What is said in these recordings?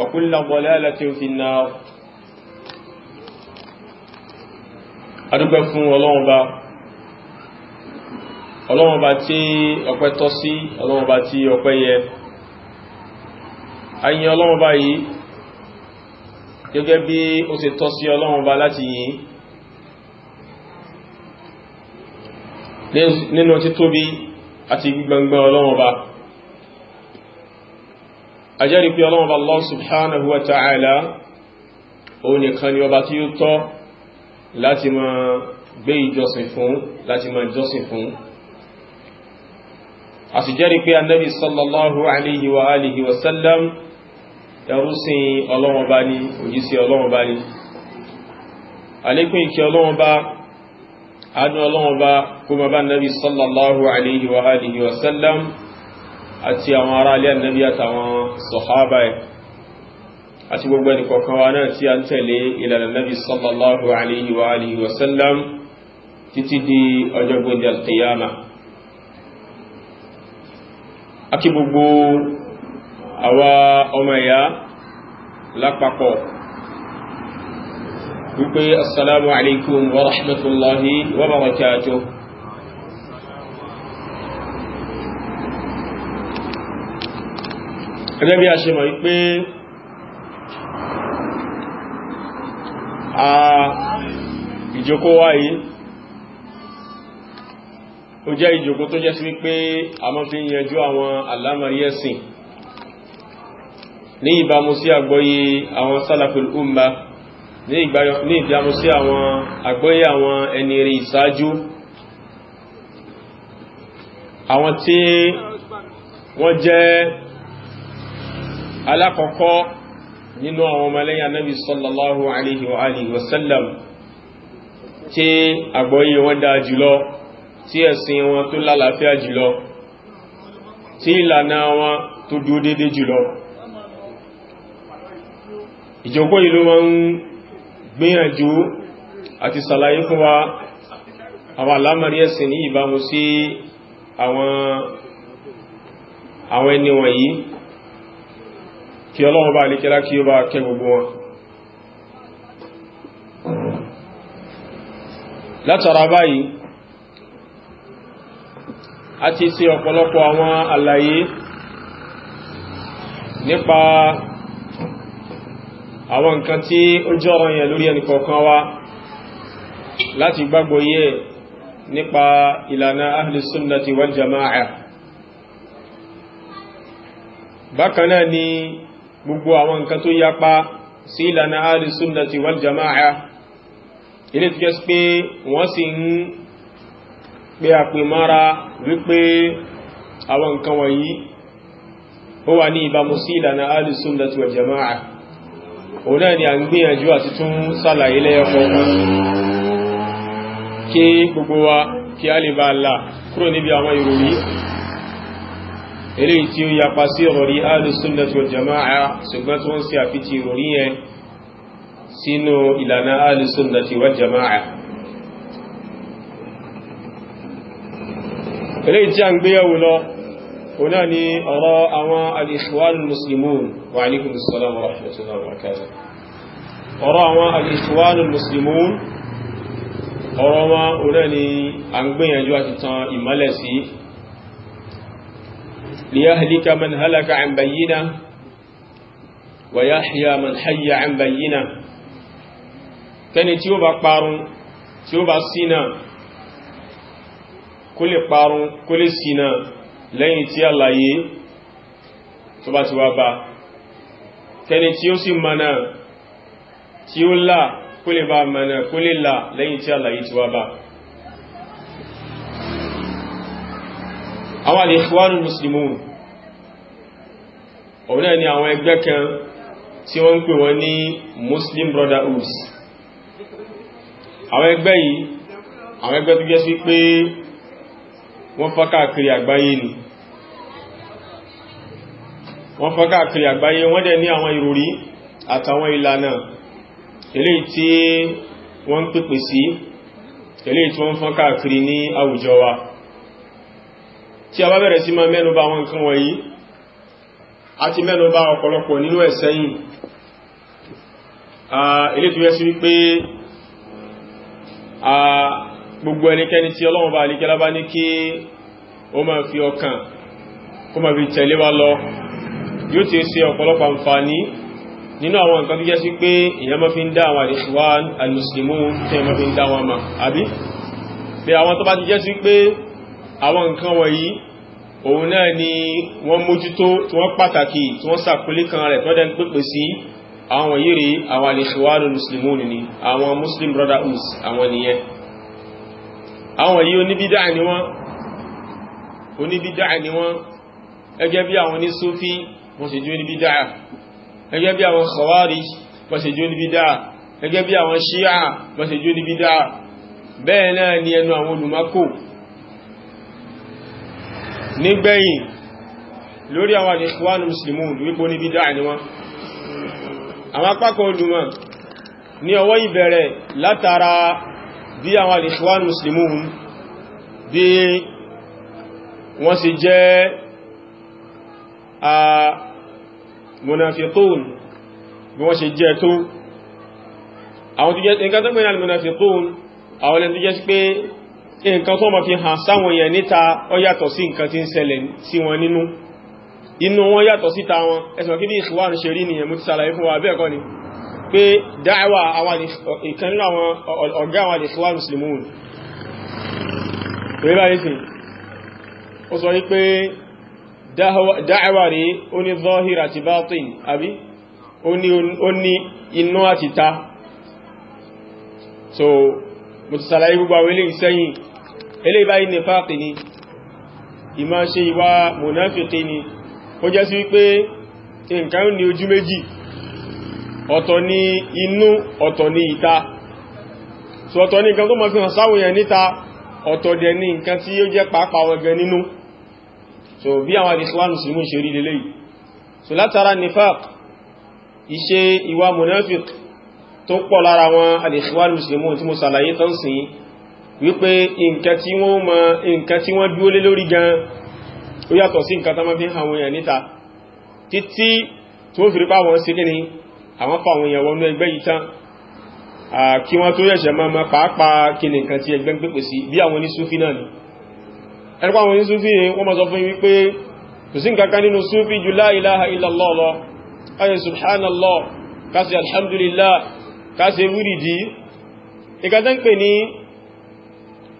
وكل ضلالة في النار adúgbẹ́ fún ọlọ́run bá ọlọ́run bá tí ọpẹ́ tọ́ sí ọlọ́run bá tí ọpẹ́ yẹ ayin ọlọ́run bá yìí gẹ́gẹ́ bí ó ṣe tọ́ sí ọlọ́run bá láti yìí nínú títóbi àti gbígbẹ̀ngbẹ̀ ọlọ́run bá ajẹ́rìí pé ọlọ́run Allah subhanahu wa ta'ala ó nìkan ni ọba tí ó tọ́ láti máa gbé ìjọsìn fún láti máa jọsìn fún a sì jẹ́rìí pé annabi sallallahu alaihi wa alihi wasallam ẹrúsìn ọlọ́run bá ní òjísí ọlọ́run bá ní alékún ìkẹ́ ọlọ́run bá adún ọlọ́run bá kó ma bá annabi sallallahu alaihi wa alihi wasallam àti àwọn ará alẹ́ ànábí àtàwọn sọ̀hábà ẹ̀ àti gbogbo ẹni kọ̀ọ̀kan wa náà tí a ń tẹ̀lé ìlànà nábi sallallahu alaihi wa alihi wa sallam títí di ọjọ́ gbogbo alqiyama àti gbogbo àwa ọmọ ìyá lápapọ̀ wípé assalamu alaikum wa rahmatullahi wa barakatuh gẹ́gẹ́ bí a ṣe mọ̀ wípé a ìjòkó wa yìí ó jẹ́ ìjòkó tó jẹ́ sí wípé a mọ́ fi ń yẹjú àwọn àlámọ̀rí ẹ̀sìn ní ìbámu sí àgbọ́yé àwọn sálàfil umma ní ìbámu sí àwọn àgbọ́yé àwọn ẹni rí ìsáájú àwọn tí wọ́n jẹ́ alákọ̀ọ́kọ́ nínú àwọn ọmọlẹ́yìn anábi sallallahu alaihi wa alihi wasallam tí àgbọ́yé wọn dáa jùlọ tí ẹ̀sìn wọn tó lálàáfíà jùlọ tí ìlànà wọn tó dúó dédé jùlọ ìjọgbọ́ yìí ló wọ́n ń gbìyànjú àti sàlàyé fún wa àwọn alámàrí ẹ̀sìn ní ìbámu sí àwọn ẹni wọ̀nyí kí ọlọ́run bá alékẹ́lá kí ó bá kẹ́ gbogbo wọn látara báyìí a ti ṣe ọ̀pọ̀lọpọ̀ àwọn àlàyé nípa àwọn nǹkan tí ó jọ́rọ̀ yẹn lórí ẹnìkọ̀ọ̀kan wa láti gbàgbọ́ yẹ nípa ìlànà ahli sunnati wal jama'a bákan ni gbogbo àwọn nǹkan tó yapa sí ìlànà alìsúnnàtì wal jama'a ilé tó jẹ́ pé wọ́n sì ń pé àpè mara wípé àwọn nǹkan wọ̀nyí ó wà ní ìbámu sí ìlànà alìsúnnàtì wal jama'a òun náà ni a ń gbìyànjú àti tún sàlàyé lẹ́yọ̀kọ̀ kí gbogbo wa kí a lè bá là eléyìí tí ó yapa sí ìrọ̀rí alùsùnnàtì wal jama'a ṣùgbọ́n tí wọ́n sí àfitì ìrọ̀rí yẹn sínú ìlànà alùsùnnàtì wal jama'a eléyìí tí a ń gbéyàwó lọ ọ̀nà ni ọ̀rọ̀ àwọn al-ikhwanul muslimun wa alaikum ọ̀rọ̀ àti tan ìmọ́lẹ̀ sí ليهلك من هلك عن بينه ويحيى من حي عن بينه kẹ́ni tí ó bá parun tí ó bá ṣìnà kó lè parun kó lè ṣìnà lẹ́yìn tí àlàyé tó bá ti wá bá kẹ́ni tí ó sì mọ̀nà tí ó là kó lè bá mọ̀nà kó lè là lẹ́yìn tí àlàyé ti wá bá àwọn al-Ikhwanul Muslimun òun náà ni àwọn ẹgbẹ́ kan tí wọ́n ń pè wọ́n ní Muslim Brotherhood àwọn ẹgbẹ́ yìí àwọn ẹgbẹ́ tó jẹ́ sí pé wọ́n fọ́n àgbáyé ni wọ́n fọ́n káàkiri àgbáyé wọ́n dẹ̀ ní àwọn ìròrí àtàwọn ìlànà eléyìí tí wọ́n ń pèpè tí a bá bẹ̀rẹ̀ sí ma mẹ́nubà àwọn nǹkan wọ̀nyí a ti mẹ́nubà ọ̀pọ̀lọpọ̀ nínú ẹ̀sẹ́yìn ilé tó yẹ sí wípé gbogbo ẹnikẹ́ni tí Ọlọ́run bá alikẹ́lá bá ní kí ó máa fi ọkàn kó máa fi tẹ̀lé wa lọ yóò ti ṣe ọ̀pọ̀lọpọ̀ àǹfààní nínú àwọn nǹkan tó jẹ́ sí pé èyàn máa fi ń dá àwọn àdìsíwá al tí èyàn máa fi ń dá wọn mà àbí pé àwọn tó bá ti jẹ́ sí pé àwọn nǹkan wọ̀nyí òun náà ni wọ́n mójútó tí wọ́n pàtàkì tí wọ́n sàkúlé kan rẹ̀ tọ́dẹ̀ ń pèpè sí àwọn wọ̀nyí àwọn al-Ikhwan ni àwọn Muslim Brotherhood àwọn nìyẹn àwọn wọ̀nyí oníbídà ni wọ́n oníbídà ni wọ́n ẹgẹ́ bí àwọn onísúfí wọ́n sì jó oníbídà ẹgẹ́ bí àwọn Khawarij wọ́n sì jó oníbídà ẹgẹ́ bí àwọn Shia wọ́n sì jó oníbídà bẹ́ẹ̀ náà ni ẹnu àwọn olùmọ́kò nígbẹ̀yìn lórí àwọn Ikhwanul Muslimun wípó ní bídá ni wọ́n àwọn apákan olùmọ̀ ní ọwọ́ ìbẹ̀rẹ̀ látara bí àwọn Ikhwanul Muslimun bí wọ́n sì jẹ́ a munafiqun bí wọ́n sì jẹ́ tó àwọn tó jẹ́ nǹkan tó ma fi hàn sáwọn èèyàn níta ó yàtọ̀ sí nǹkan tí ń ṣẹlẹ̀ sí wọn nínú inú wọn yàtọ̀ síta wọn ẹ̀sùn kí bí ìṣùwárùn ṣe rí nìyẹn mú ti sàlàyé fún wa bẹ́ẹ̀ kọ́ ni pé dáẹ̀wà ìkan nínú àwọn ọ̀gá àwọn ìṣùwárùn muslimun rí báyìí sí ó sọ wípé dáẹ̀wà rí ó ní zọ́hìrà so mo ti sàlàyé gbogbo àwọn ilé ìsẹ́yìn eléyìí báyìí nífàkì ni ìmá ṣe ìwà mùnáfìkì ni ó jẹ́ sí wípé nǹkan ní ojú méjì ọ̀tọ̀ ni inú ọ̀tọ̀ ni ìta so ọ̀tọ̀ ni nǹkan tó mọ́ fi hàn sáwòyàn níta ọ̀tọ̀ dẹ̀ ni nǹkan tí ó jẹ́ pàápàá wọn gan nínú so bí àwọn àdìsíwánù sí mú ṣe rí lélẹ́yìí so látara nifaq ìṣe ìwà munafik tó pọ̀ lára wọn àdìsíwánù sí mú tí mo sàlàyé tán sìn wípé nǹkan tí wọ́n mọ nǹkan tí wọ́n dúó lé lórí gan ó yàtọ̀ sí nǹkan tánmọ́ fi ń àwọn èèyàn níta títí tí ó fi rípa wọn sí kíni àwọn fa àwọn èèyàn wọnú ẹgbẹ́ yìí tán kí wọ́n tó yẹ̀ṣẹ̀ máa ma pàápàá kí ni nǹkan tí ẹgbẹ́ ń pèpè sí bí àwọn onísúfí náà ni ẹnipá àwọn onísúfí ni wọ́n ma sọ fún wípé kò sí nǹkan kan nínú súfí ju la ilaha illallah lọ káṣe subhanallah káṣe alhamdulillah káṣe wúrìdí ìkàtẹ́ ń pè ní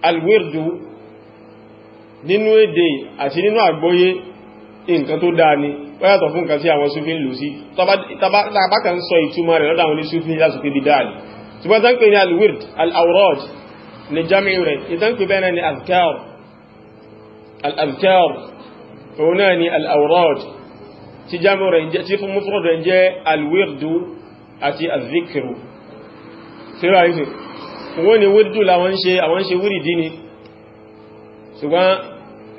alwirdu nínú èdè àti nínú àgbóyé nǹkan tó dáa ni ó yàtọ̀ fún nǹkan tí àwọn súfin lù sí tàbákan sọ ìtumọ̀ rẹ̀ lọ́dà àwọn ní súfin lásùkú bí dáa ni ṣùgbọ́n tán pè ní alwird al'aurod ní jami rẹ̀ ìtàn pè bẹ́ẹ̀ ni al'azkar al'azkar òun náà wọ́n ni wúdù láwọn ṣe àwọn ṣe wúrìdí ni ṣùgbọ́n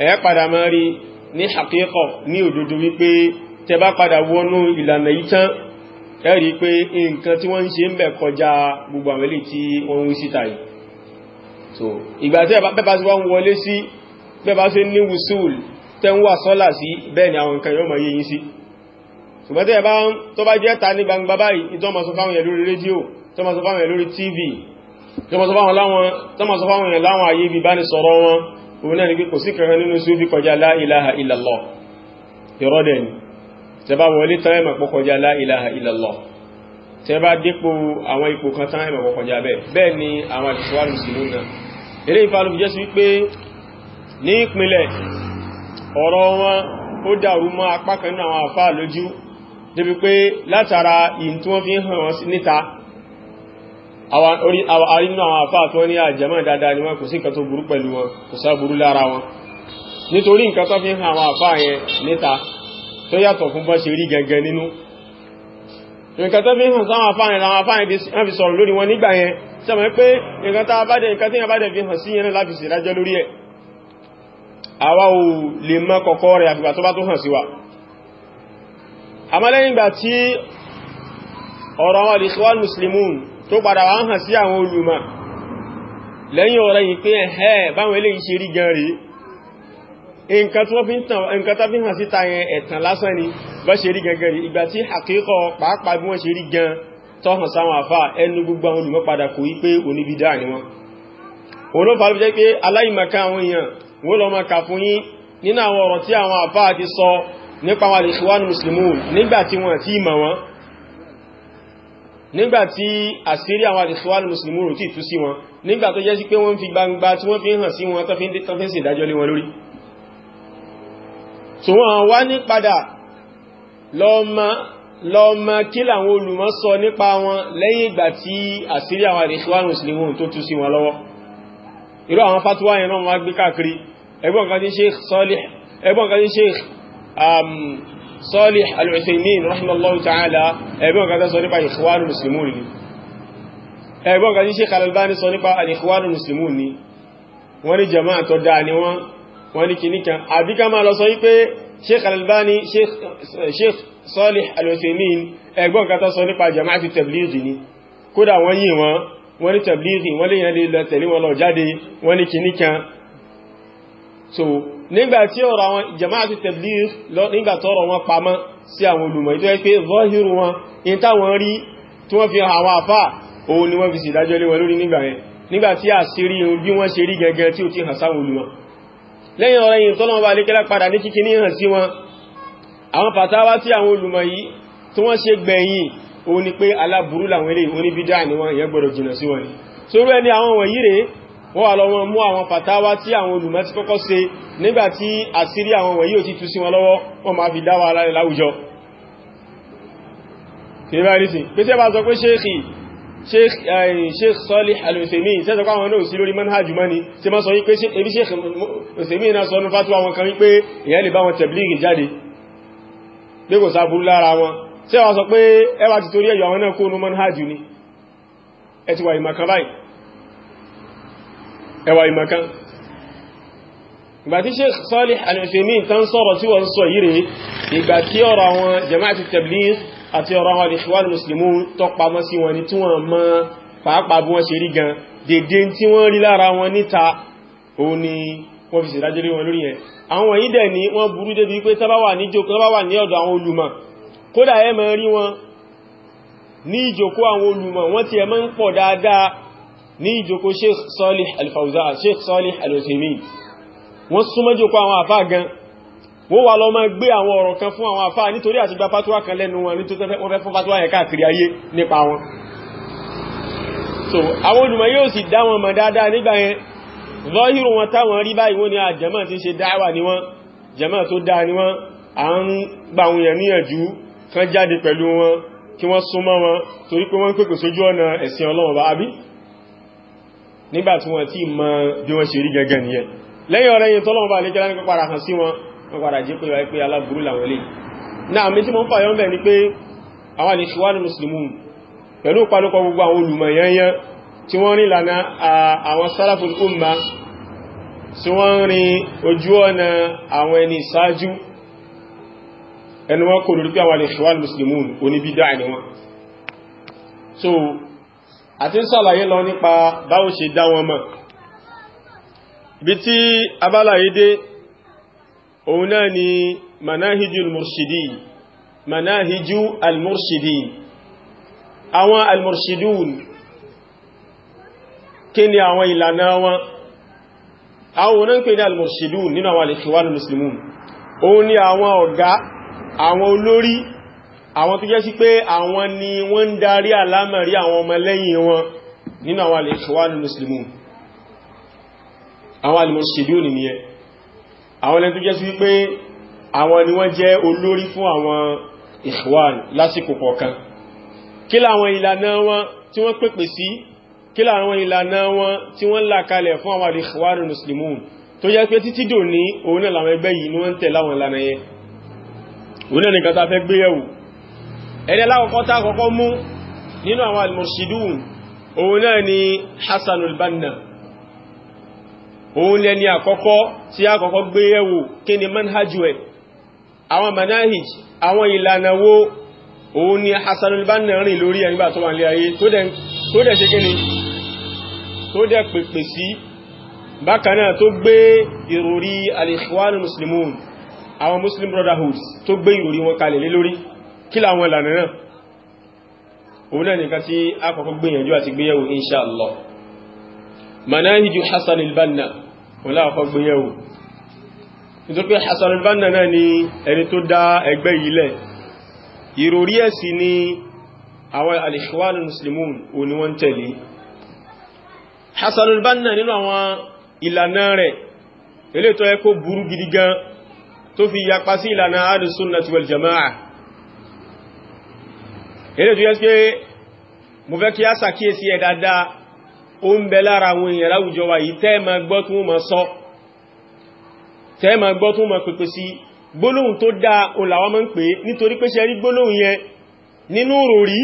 ẹ̀ padà máa rí ní àkíkọ̀ ní òdodo wípé tẹ bá padà wọnú ìlànà yìí tán ẹ rí pé nǹkan tí wọ́n ṣe ń bẹ̀ kọjá gbogbo àwọn tí wọ́n ń wí síta so ìgbà tí bẹ́bá sí wá ń wọlé sí bẹ́bá sí ní wùsùl tẹ́ ń wà sọ́là sí bẹ́ẹ̀ ni àwọn nǹkan yóò mọ̀ yé yín sí ṣùgbọ́n lórí rédíò tó máa lórí tv tọ́mọ̀sọ́fáwọn èèyàn láwọn ayé ibi bá ní sọ̀rọ̀ wọn òun náà ni pé kò sí kankan nínú sí bí kọjá la ilaha illallah ìrọ́dẹ̀ ni tẹba wọlé tán ẹ̀mọ̀ pọ̀ kọjá la ilaha illallah tẹba dípò àwọn ipò kan tán ẹ̀mọ̀ pọ̀ kọjá bẹ́ẹ̀ bẹ́ẹ̀ ni àwọn àdìsíwárù sí lónà eré ìfàlù jẹ́ sí pé ní ìpínlẹ̀ ọ̀rọ̀ wọn ó dàrú mọ́ apá àwọn àfáà lójú débi pé látara àrínú àwọn àfáà tó ní àjẹmọ́ dáadáa ni wọ́n kò sí nǹkan tó burú pẹ̀lú wọn kò sá burú lára wọn nítorí nǹkan tó fi ń hàn àwọn àfáà yẹn níta tó yàtọ̀ fún bọ́ ṣe rí gẹ́gẹ́ nínú nǹkan tó fi hàn sáwọn àfáà yẹn làwọn àfáà yẹn fi sọ̀rọ̀ lórí wọn nígbà yẹn sọmọ pé nǹkan tá a bá ọ̀rọ̀ àwọn al Muslimun tó padà wá ń hàn sí àwọn olùmọ̀ lẹ́yìn ọ̀rẹ́ yìí pé ẹ̀hẹ́ báwọn ilé ìṣe rí gan rí nǹkan tó fi hàn síta yẹn ẹ̀tàn lásán ni bọ́ ṣe rí gangan rí ìgbà tí àkíkọ pàápàá bí wọ́n ṣe rí gan tọ́hàn sáwọn àfá ẹnu gbogbo àwọn olùmọ̀ padà kò wí pé oníbídá ni wọ́n òun ló nígbàtí àṣírí àwọn àdìsíwáàlù mùsùlùmí rò tí tú sí wọn nígbà tó jẹ́ sí pé wọ́n fi gbangba tí wọ́n fi hàn sí wọn tó fi ń sì ìdájọ́ lé wọn lórí so wọ́n wá ní padà lọ́ọ̀mà kí làwọn olùmọ̀ sọ nípa wọn lẹ́yìn ìgbà tí àṣírí àwọn àdìsíwáàlù mùsùlùmí tó tú sí wọn lọ́wọ́ irú àwọn fatuwa yẹn náà wọ́n gbé káàkiri ẹgbọ́n kan tí Sheikh Salih ẹgbọ́n kan tí Sheikh um, Salih al-Uthaymin rahimahullahu ta'ala ẹgbẹ́ ọ̀gá sọ nípa Ikhwanul Muslimun ni ẹgbẹ́ ọ̀gá tí Sheikh Al-Albani sọ nípa Ikhwanul Muslimun ni wọ́n ní jama'a tó dáa ni wọ́n wọ́n ní kìníkan àbí ká máa lọ sọ wípé Sheikh Al-Albani Sheikh Salih al-Uthaymin ẹgbẹ́ ọ̀gá tó ní Tablighi nígbàtí ọ̀rọ̀ àwọn jama'atu tabligh nígbàtọ̀rọ̀ wọn pamọ́ sí àwọn olùmọ̀ ìtọ́ pé zọ́hírù wọn in táwọn rí tí wọ́n fi àwọn àfá òun ni wọ́n fi sìdájọ́ lé wọn lórí nígbà yẹn nígbàtí àṣírí bí wọ́n ṣe rí gẹ́gẹ́ tí ó ti hàn sáwọn olùmọ̀ lẹ́yìn ọ̀rọ̀ yìí tọ́lọ́wọ́ bá lékẹ́lá padà ní kíkí ní hàn sí wọn àwọn fàtàwá tí àwọn olùmọ̀ yìí tí wọ́n ṣe gbẹ̀yìn òun ni pé aláburú làwọn eléyìí oníbídà ni wọ́n yẹ gbọ́dọ̀ jìnà sí wọn sórú ẹni àwọn wọ̀nyí rèé wọ́n wà lọ́wọ́ mú àwọn fàtáwá tí àwọn olùmọ̀ ti kọ́kọ́ ṣe nígbàtí àṣírí àwọn wọ̀nyí ò ti tú sí wọn lọ́wọ́ wọ́n máa fi dá wa ara rẹ̀ láwùjọ pèsè bá sọ pé ṣéèkì eh, sheikh Salih al-Uthaymin ṣe sọ fatuwa wọn kan wípé ìyẹn lè bá wọn tẹ̀blígì jáde pé kò sáburú lára wọn ṣe wá sọ pé ẹwà ti torí ẹ̀yọ àwọn náà kó nú manhajù ni ẹ ti wà ìmọ̀kan báyìí ẹwà ìmọ̀kan ìgbà tí Sheikh Salih Al-Uthaymeen tán sọ̀rọ̀ tí wọ́n sọ yìí rẹ̀ ìgbà tí ọ̀rọ̀ àwọn jama'ati Tabligh àti ọ̀rọ̀ àwọn Ikhwan Muslimun tó pamọ́ sí wọn ni tí wọ́n mọ́ pàápàá bí wọ́n ṣe rí gan dédé tí wọ́n rí lára wọn níta òun ni wọ́n fi ní ìjókòó àwọn olùmọ̀ wọ́n ti ẹ ń pọ̀ dáadáa ní ìjòkó sheikh salih al-fawzan sheikh salih al-uthaymin wọ́n súnmọ́ jòkó àwọn àfá gan wọ́n wà lọ máa gbé àwọn ọ̀rọ̀ kan fún àwọn àfá nítorí àti gba fatuwa kan lẹ́nu wọn nítorí wọ́n fẹ́ fún fatuwa yẹn káàkiri ayé nípa wọn so àwọn olùmọ̀ yóò sì dá wọn mọ̀ dáadáa nígbà yẹn zọ́hírù wọn táwọn rí báyìí wọ́n ni a ah, jàmá ti ṣe dáwà ni wọ́n jàmá tó dáa nígbà tí wọ́n ti mọ bí wọ́n ṣe rí gẹ́gẹ́ nìyẹn lẹ́yìn ọ̀rẹ́ yìí tọ́lọ́wọ́ bá lè jẹ́lá ní pípàdà kan sí wọn wọ́n padà jẹ́ pé wáyé pé aláburú làwọn lè náà mi tí mo ń fà yọ́n bẹ̀ ni pé àwọn àlè ṣùwádì mùsùlùmù pẹ̀lú ìpanúkọ gbogbo àwọn olùmọ̀yányán tí wọ́n rí lànà àwọn sálàfùl umma tí wọ́n rí ojú ọ̀nà àwọn ẹni ìsáájú ẹnu wọn kò lórí pé àwọn àlè ṣùwádì mùsùlùmù àti ń sàlàyé lọ nípa báwo ṣe dá wọn mọ̀ ibi tí abálàyé dé òun náà ni manahiju al-murshidi manahiju al-murshidi àwọn al-murshidun kí ni àwọn ìlànà wọn àwọn náà pè ní al-murshidun nínú àwọn al-ikhwan òun ni àwọn ọ̀gá àwọn olórí àwọn tó jẹ́ sí pé àwọn ni wọ́n ń darí àlámẹ̀rí àwọn ọmọ lẹ́yìn wọn nínú àwọn al-Ikhwan muslimun àwọn al-Murshidun nìyẹn àwọn ẹni tó jẹ́ sí wípé àwọn ni wọ́n jẹ́ olórí fún àwọn Ikhwan lásìkò kọ̀ọ̀kan kí láwọn ìlànà wọn tí wọ́n pèpè sí kí láwọn ìlànà wọn tí wọ́n là kalẹ̀ fún muslimun tó jẹ́ pé títí dòní òun náà làwọn ẹgbẹ́ yìí ni ẹni alákọ̀ọ́kọ́ tá kọ́kọ́ mú nínú àwọn al-murshidun òun náà ni Hassan al-Banna òun lẹni àkọ́kọ́ tí a kọ́kọ́ gbé yẹ̀wò kí ni manhaj ẹ̀ àwọn manahij àwọn ìlànà wo òun ni Hassan al-Banna rìn lórí ẹnigbà tó wà ní ayé tó dẹ̀ ṣe pèpè sí bákan tó gbé ìròrí al muslimun àwọn Muslim Brotherhood tó gbé ìròrí wọn kalẹ̀ lé lórí kí láwọn ìlànà náà òun náà nìkan tí a kọ́kọ́ gbìyànjú àti gbéyẹ̀wò insha Allah manahiju Hassan al-Banna òun láàkọ́ gbéyẹ̀wò nítorí pé Hassan al-Banna náà ni ẹni tó dá ẹgbẹ́ yìí lẹ̀ ìròrí ẹ̀sì ni àwọn al-Ikhwan al-Muslimun òun ni wọ́n tẹ̀lé Hassan al nínú àwọn ìlànà rẹ̀ ilé tó yẹ́ pé mo fẹ́ kí a sàkíyèsí ẹ̀ dáadáa ó ń bẹ lára àwọn èèyàn láwùjọ wa yìí tẹ́ẹ̀mà gbọ́ tún mọ̀ sọ tẹ́ẹ̀mà gbọ́ tún mọ̀ pẹ̀pẹ̀ sí gbólóhùn tó dáa olàwọ́ mọ́ ń pè nítorí pé ṣe rí gbólóhùn yẹn nínú ni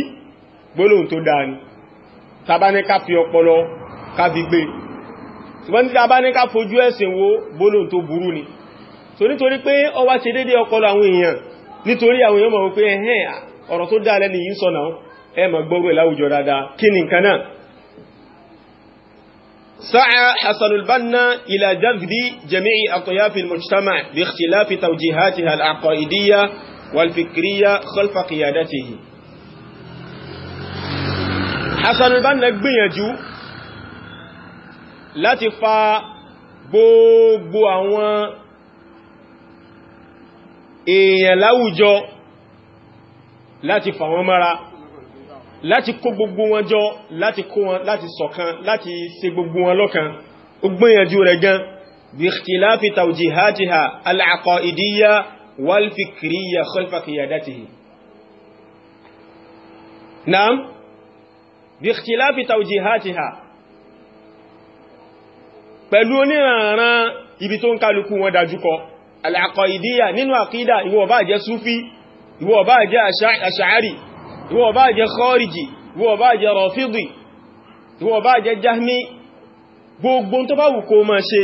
tàbáníká fi ọpọlọ káfi ọ̀rọ̀ tó dáa lẹ́ni yìí sọ náà ẹ ma gbọ́rọ̀ láwùjọ dáadáa kí ni nǹkan náà سعى حسن البنا إلى جذب جميع أطياف المجتمع باختلاف توجيهاتها العقائدية والفكرية خلف قيادته حسن البنا gbìyànjú láti fa gbogbo àwọn èèyàn láwùjọ láti fà wọ́n mọ́ra láti kó gbogbo wọn jọ láti kó wọn láti ṣọ̀kan láti ṣe gbogbo wọn lọ́kan ó gbìyànjú rẹ̀ gan bí ikhtilafi tawjihatiha al-aqaidiyya wal-fikriyya khalfa qiyadatihi naam bí ikhtilafi tawjihatiha pẹ̀lú oníranran ibi nínú àkídà ìwọ̀n bá jẹ́ súfí ìwọ bá jẹ́ àṣàárì ìwọ bá jẹ́ kọ́rìjì ìwọ bá jẹ́ rọ̀fídì ìwọ bá jẹ́ jahmi gbogbo tó bá wù kó máa ṣe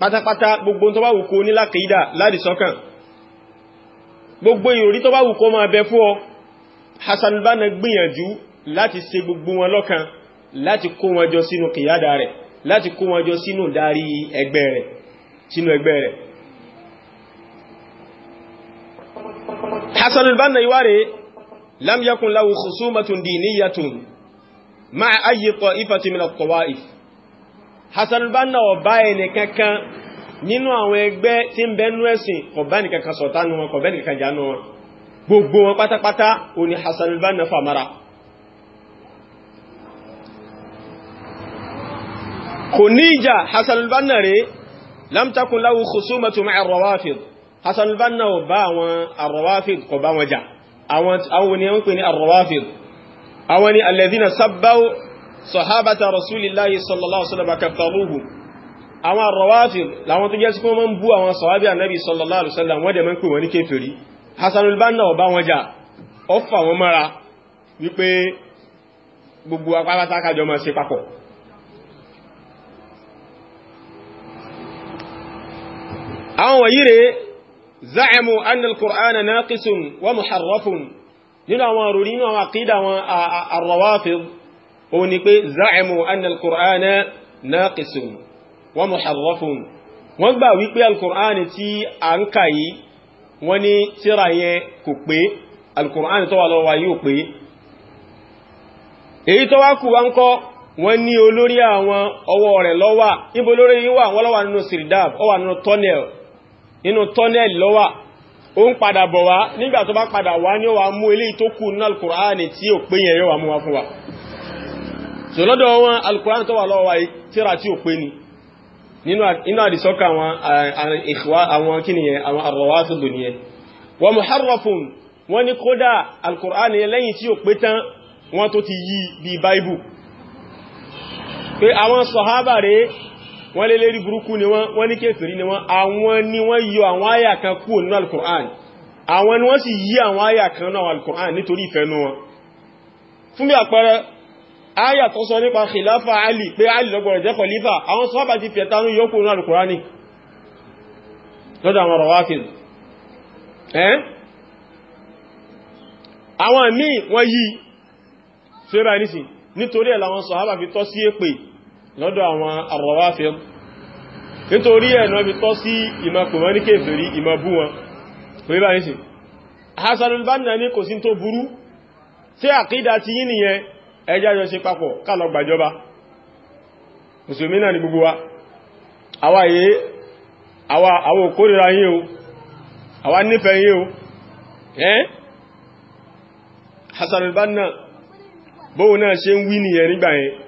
pátápátá gbogbo tó bá wù kó ní lákìídà láti sọ́kàn gbogbo ìròrí tó bá wù kó máa bẹ fún ọ Hassan Banna gbìyànjú láti ṣe gbogbo wọn lọ́kan láti kó wọn jọ sínú kìyàdà rẹ̀ láti kó wọn jọ sínú darí ẹgbẹ́ rẹ̀ hasanul banna iware lam yakun lahu khusumatun diniyatun ma'a ayi ta'ifatin min at-ta'if hasanul banna ò bá ẹni kankan nínú àwọn ẹgbẹ́ tí ń bẹnu ẹ̀sìn kò bá ẹni kankan sọ̀tánú wọn kò bá ẹni kankan jánu wọn gbogbo wọn pátápátá ó ní hasanul banna famara kò ní ìjà hasanul banna rẹ̀ lam takun lahu khusumatun ma'a rawafid Hassan al-Banna ò bá àwọn arrawafid kò bá wọn jà àwọn ni wọ́n pè ní arrawafid àwọn ni alladhina sabbaw sahabata rasulillahi sallallahu alaihi wasallam kaftaruhu àwọn arrawafid làwọn tó jẹ́ sí kó máa ń bú àwọn sahabi annabi sallallahu alaihi wasallam wọ́n dẹ̀ máa ń pè wọ́n ní kèfèrí Hassan al-Banna wọn jà ó fà wọ́n mọ́ra wípé gbogbo apáratá kájọ máa ṣe papọ̀ àwọn wọ̀nyí rèé za'amu annal qur'ana naqisun wa muharrafun nínú àwọn rori nínú àwọn aqida àwọn arrawafid ó ní pé za'amu annal qur'ana naqisun wa muharrafun wọ́n gbà wí pé alqur'ani tí an kai wọ́n ní tírà yẹn kò pé alqur'ani tó wà lọ́ wa pé èyí tó wá kù wá ńkọ́ wọ́n ní olórí àwọn ọwọ́ rẹ̀ ló wà ibo lórí wọ́n ló nínú sirdab ó nínú tunnel inú tọ́nẹ̀lì lọ́wà ó ń padà bọ̀ wá nígbà tó bá padà wá ní ó wá mú eléyìí tó kù ní alkùránì tí ò pé yẹn yóò wá mú wá fún wa so lọ́dọ̀ wọn alkùránì tó wà lọ́wọ́ wa tíra tí ò pé ni nínú àdìsọ́kà àwọn kíníyẹn àwọn àrọ̀wásùdù nìyẹn wọ́n muharrafun wọ́n ní àwọn wọ́n lé lérí burúkú ni wọ́n wọ́n ní kéfèrí ni wọ́n àwọn ni wọ́n yọ àwọn àyà kan kúrò nínú alukur'an àwọn ni wọ́n sì yí àwọn àyà kan náà alukur'an nítorí ìfẹ́nu wọn fún bí àpẹẹrẹ àyà tó sọ nípa khilafa ali pé ali lọ́gbọ̀rọ̀ jẹ́ khalifa àwọn sọ́ọ́bà ti fi ẹ̀tanú yọ kúrò nínú alukur'an lọ́dọ̀ àwọn rawafid ẹ́ àwọn míì wọ́n yí ṣe lọ́dọ̀ àwọn arrawafil nítorí ẹ̀ náà fi tọ́ sí ìmọ̀kùnmọ́ ní kèfèrí ìmọ̀bú wọn pẹ̀lú bá níṣì Hasanul Banna ní kò sí tó burú tí àkídà ti yí nìyẹn ẹjá jọ ṣe papọ̀ kálọ gbàjọba mùsùlùmí ni gbogbo wa àwa yìí àwa àwa òkórìíra yín o àwa nífẹ̀ẹ́ yín o ẹ́n Hasanul Banna bóò náà ṣe ń wí nìyẹn nígbà yẹn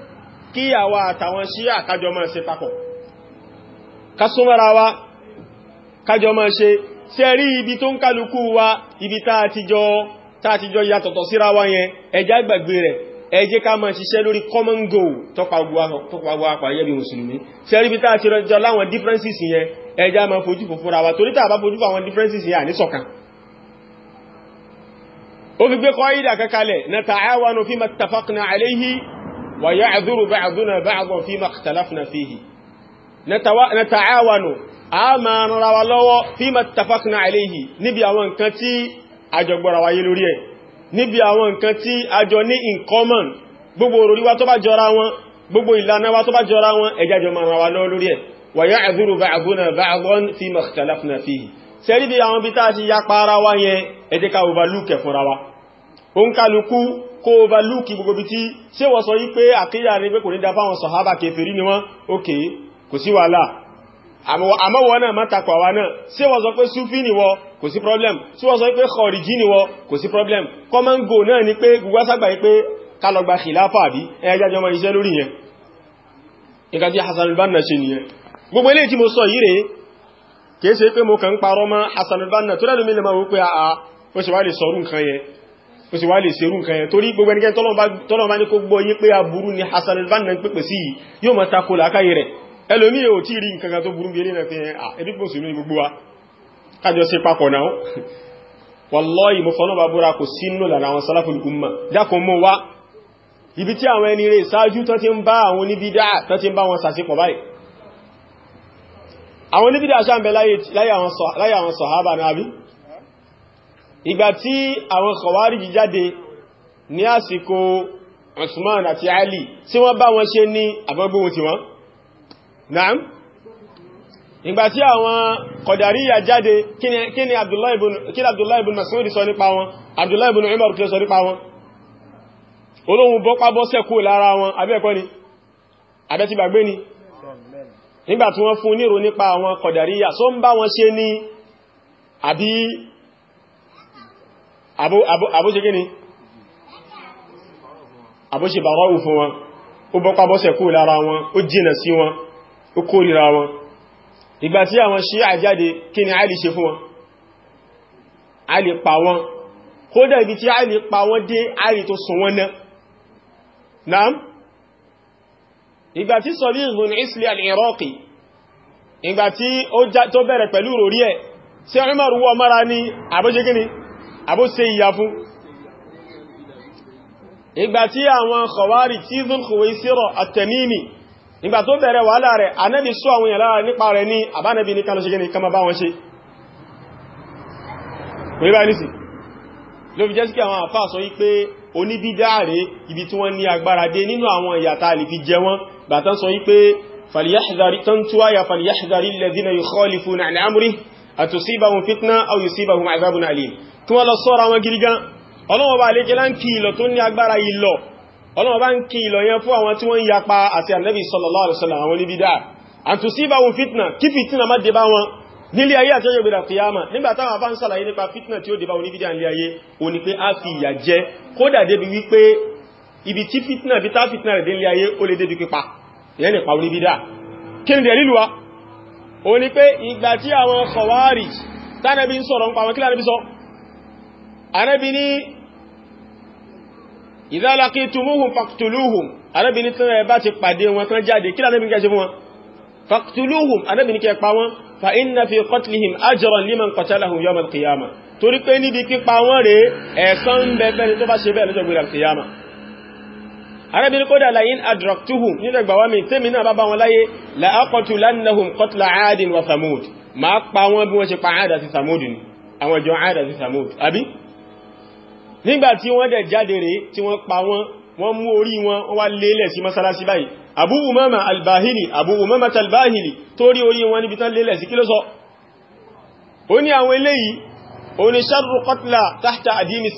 kí àwa àtàwọn ṣíà kájọ máa ṣe papọ̀ kásúnmọ́ra wa kájọ máa ṣe ṣe rí ibi tó ń kálukú wa ibi táà ti jọ táà ti jọ yàtọ̀tọ̀ síra wa yẹn ẹjá gbàgbé rẹ̀ ẹ ká máa ṣiṣẹ́ lórí common goal tọ́pàgbọ́ differences yẹn ẹjá máa fojú fò fúnra wa torí differences yẹn àníṣọ̀kan ó fi gbé kọ́ ìdà kankalẹ̀ na ta'awanu fima ittafaqna alayhi ويعذر بعضنا بعضا فيما اختلفنا فيه نتوا... نتعاون اما نرى لو فيما اتفقنا عليه نبي àwọn kan tí àjọ gbọ́ra wáyé lórí ẹ̀ níbi àwọn nǹkan tí àjọ ní in common gbogbo òròrí wa tó bá jọra wọn gbogbo ìlànà wa tó bá jọra wọn ẹjájọ mara wa lọ lórí ẹ̀ wa ya'dhuru ba'duna ba'dhan fima ikhtalafna fihi sẹ́rí bí àwọn bí táà ti yá para wá yẹn ẹjẹ́ ká overlook ẹ̀ fúnra wa ó ń kálukú kó o bá lúkì gbogbo bí tí ṣé wọ́n sọ yí pé àkíyà ní pé kò ní dá fáwọn sọ̀hábà kèfèrí ni wọ́n òkè kò sí wàhálà àmọ́ wọn náà má takọ̀ àwa náà ṣé wọ́n sọ pé súfí ni wọ́n kò sí problem ṣé wọ́n sọ pé kọ̀ọ̀rìjì ni wọ́n kò sí problem common náà ni pé gbogbo àgbà yí pé kálọ̀gbà mo sọ yìí rẹ̀ kìí ṣe pé mo kàn ń parọ́ mọ́ Hassan ó sì wá lè ṣerú nǹkan yẹn torí gbogbo ẹnikẹ́ni tọ́lọ́ bá ní kó gbọ́ yí pé aburú ni Hassan al-Banna ń pèpè sí yìí yóò máa takò làákàyè rẹ̀ ẹlòmí ò tí rí nǹkan kan tó burú bí eré náà fi hàn à ẹbí pọ̀ sínú gbogbo wa kájọ ṣe papọ̀ náà wallahi mo fọ́nà bá búra kò sínú lára àwọn salaful umma dákun mọ́ wá ibi rẹ̀ ìgbà tí àwọn kọ̀wárìjì jáde ní àsìkò Usman àti Ali tí wọ́n bá wọn ṣe ní àbọ́gbóhun ti wọ́n naam ìgbà tí àwọn kọ̀dàríyà jáde kí ni Abdullahi ibn Mas'ud sọ nípa wọn Abdullahi ibn Umar kí sọ nípa wọn olóhun bọ́ pábọ́ sẹ́kù lára wọn abẹ́ẹ̀kọ́ ni abẹ́tí gbàgbé ni nígbà tí wọ́n fún níro nípa àwọn kọ̀dàríyà só ń bá wọn ṣe ní àbí àbóṣe gíní àbóṣe bàrọ́wù fún wọn ó bọ́pá bọ́sẹ̀ kú lára wọn ó jìnà sí wọn ó kórìíra wọn ìgbà tí àwọn ṣe àjáde kí ni àìlì ṣe fún wọn àìlì pa wọn kódà ibi tí àìlì pa wọn dé àìlì tó sùn wọn náà ìgbà tí sọ̀rí ìgbùn ìsìlẹ̀ al-Iraqi ìgbà tí ó bẹ̀rẹ̀ pẹ̀lú rò rí ẹ̀ sí Umar wọ àbó ṣe ìyà fún ìgbà tí àwọn kọwàrí tí zulkùwé sírọ̀ àtẹ̀mímì ìgbà tó bẹ̀rẹ̀ wàhálà rẹ̀ anẹ́bì sọ àwọn ìyàlára nípa rẹ̀ ní àbánẹ́bì ní kánà ṣe gẹ́ni kama bá wọn ṣe orílẹ̀ nìsì ló fi jẹ́ sí àwọn àfáà sọ wípé oníbídáàrí ibi tí wọ́n ní agbára àtùsíbàhùn fitna aw yusíbàhùn àgbàbùn alim kí wọ́n lọ sọ́ra wọn gidi gan ọlọ́wọ́ bá lè jẹ́lá ń kí ìlọ̀ tó ní agbára ìlọ̀ ọlọ́wọ́ bá ń kí ìlọ̀ yẹn fún àwọn tí wọ́n ń yapa àti ànábì sallallahu alaihi wasallam àwọn oníbídà àtùsíbàhùn fitna kí fitna má dé bá wọn nílé ayé àti ọjọ́ ìgbèrà kìyàmà nígbà táwọn bá ń sàlàyé nípa fitna tí ó dé bá oníbídà nílé ayé o ní pé ni dẹ̀ líluwa ó ní pé ìgbà tí àwọn kọwàárì tánàbí ń sọ̀rọ̀ ń pa wọn kí lánàbí sọ anábi ní ìdálàkí tumuhun faktuluhun anábi ní tánà ẹbá ti pàdé wọn tán jáde kí lánàbí kẹ́ ṣe fún wọn faktuluhun anábi ní kẹ́ pa wọn fa inna fi qatlihim ajran liman qatalahum yawm al torí pé níbi pípa wọn rèé ẹ̀san ń bẹ tó bá ṣe bẹ́ẹ̀ lọ́jọ́ gbẹ̀rẹ̀ arábìnrin kódà láyín adraktuhum nílẹ̀ gbàwá mi tẹ́mi náà bá bá wọn láyé la'akọtù lannahum kọtùlá àádìn wa samud ma pa wọn bí wọ́n ṣe pa àádà sí samud ni àwọn ìjọ àádà sí samud àbí nígbàtí wọ́n dẹ̀ jáde rèé tí wọ́n pa wọn wọ́n mú orí wọn wá lélẹ̀ sí masalasi báyìí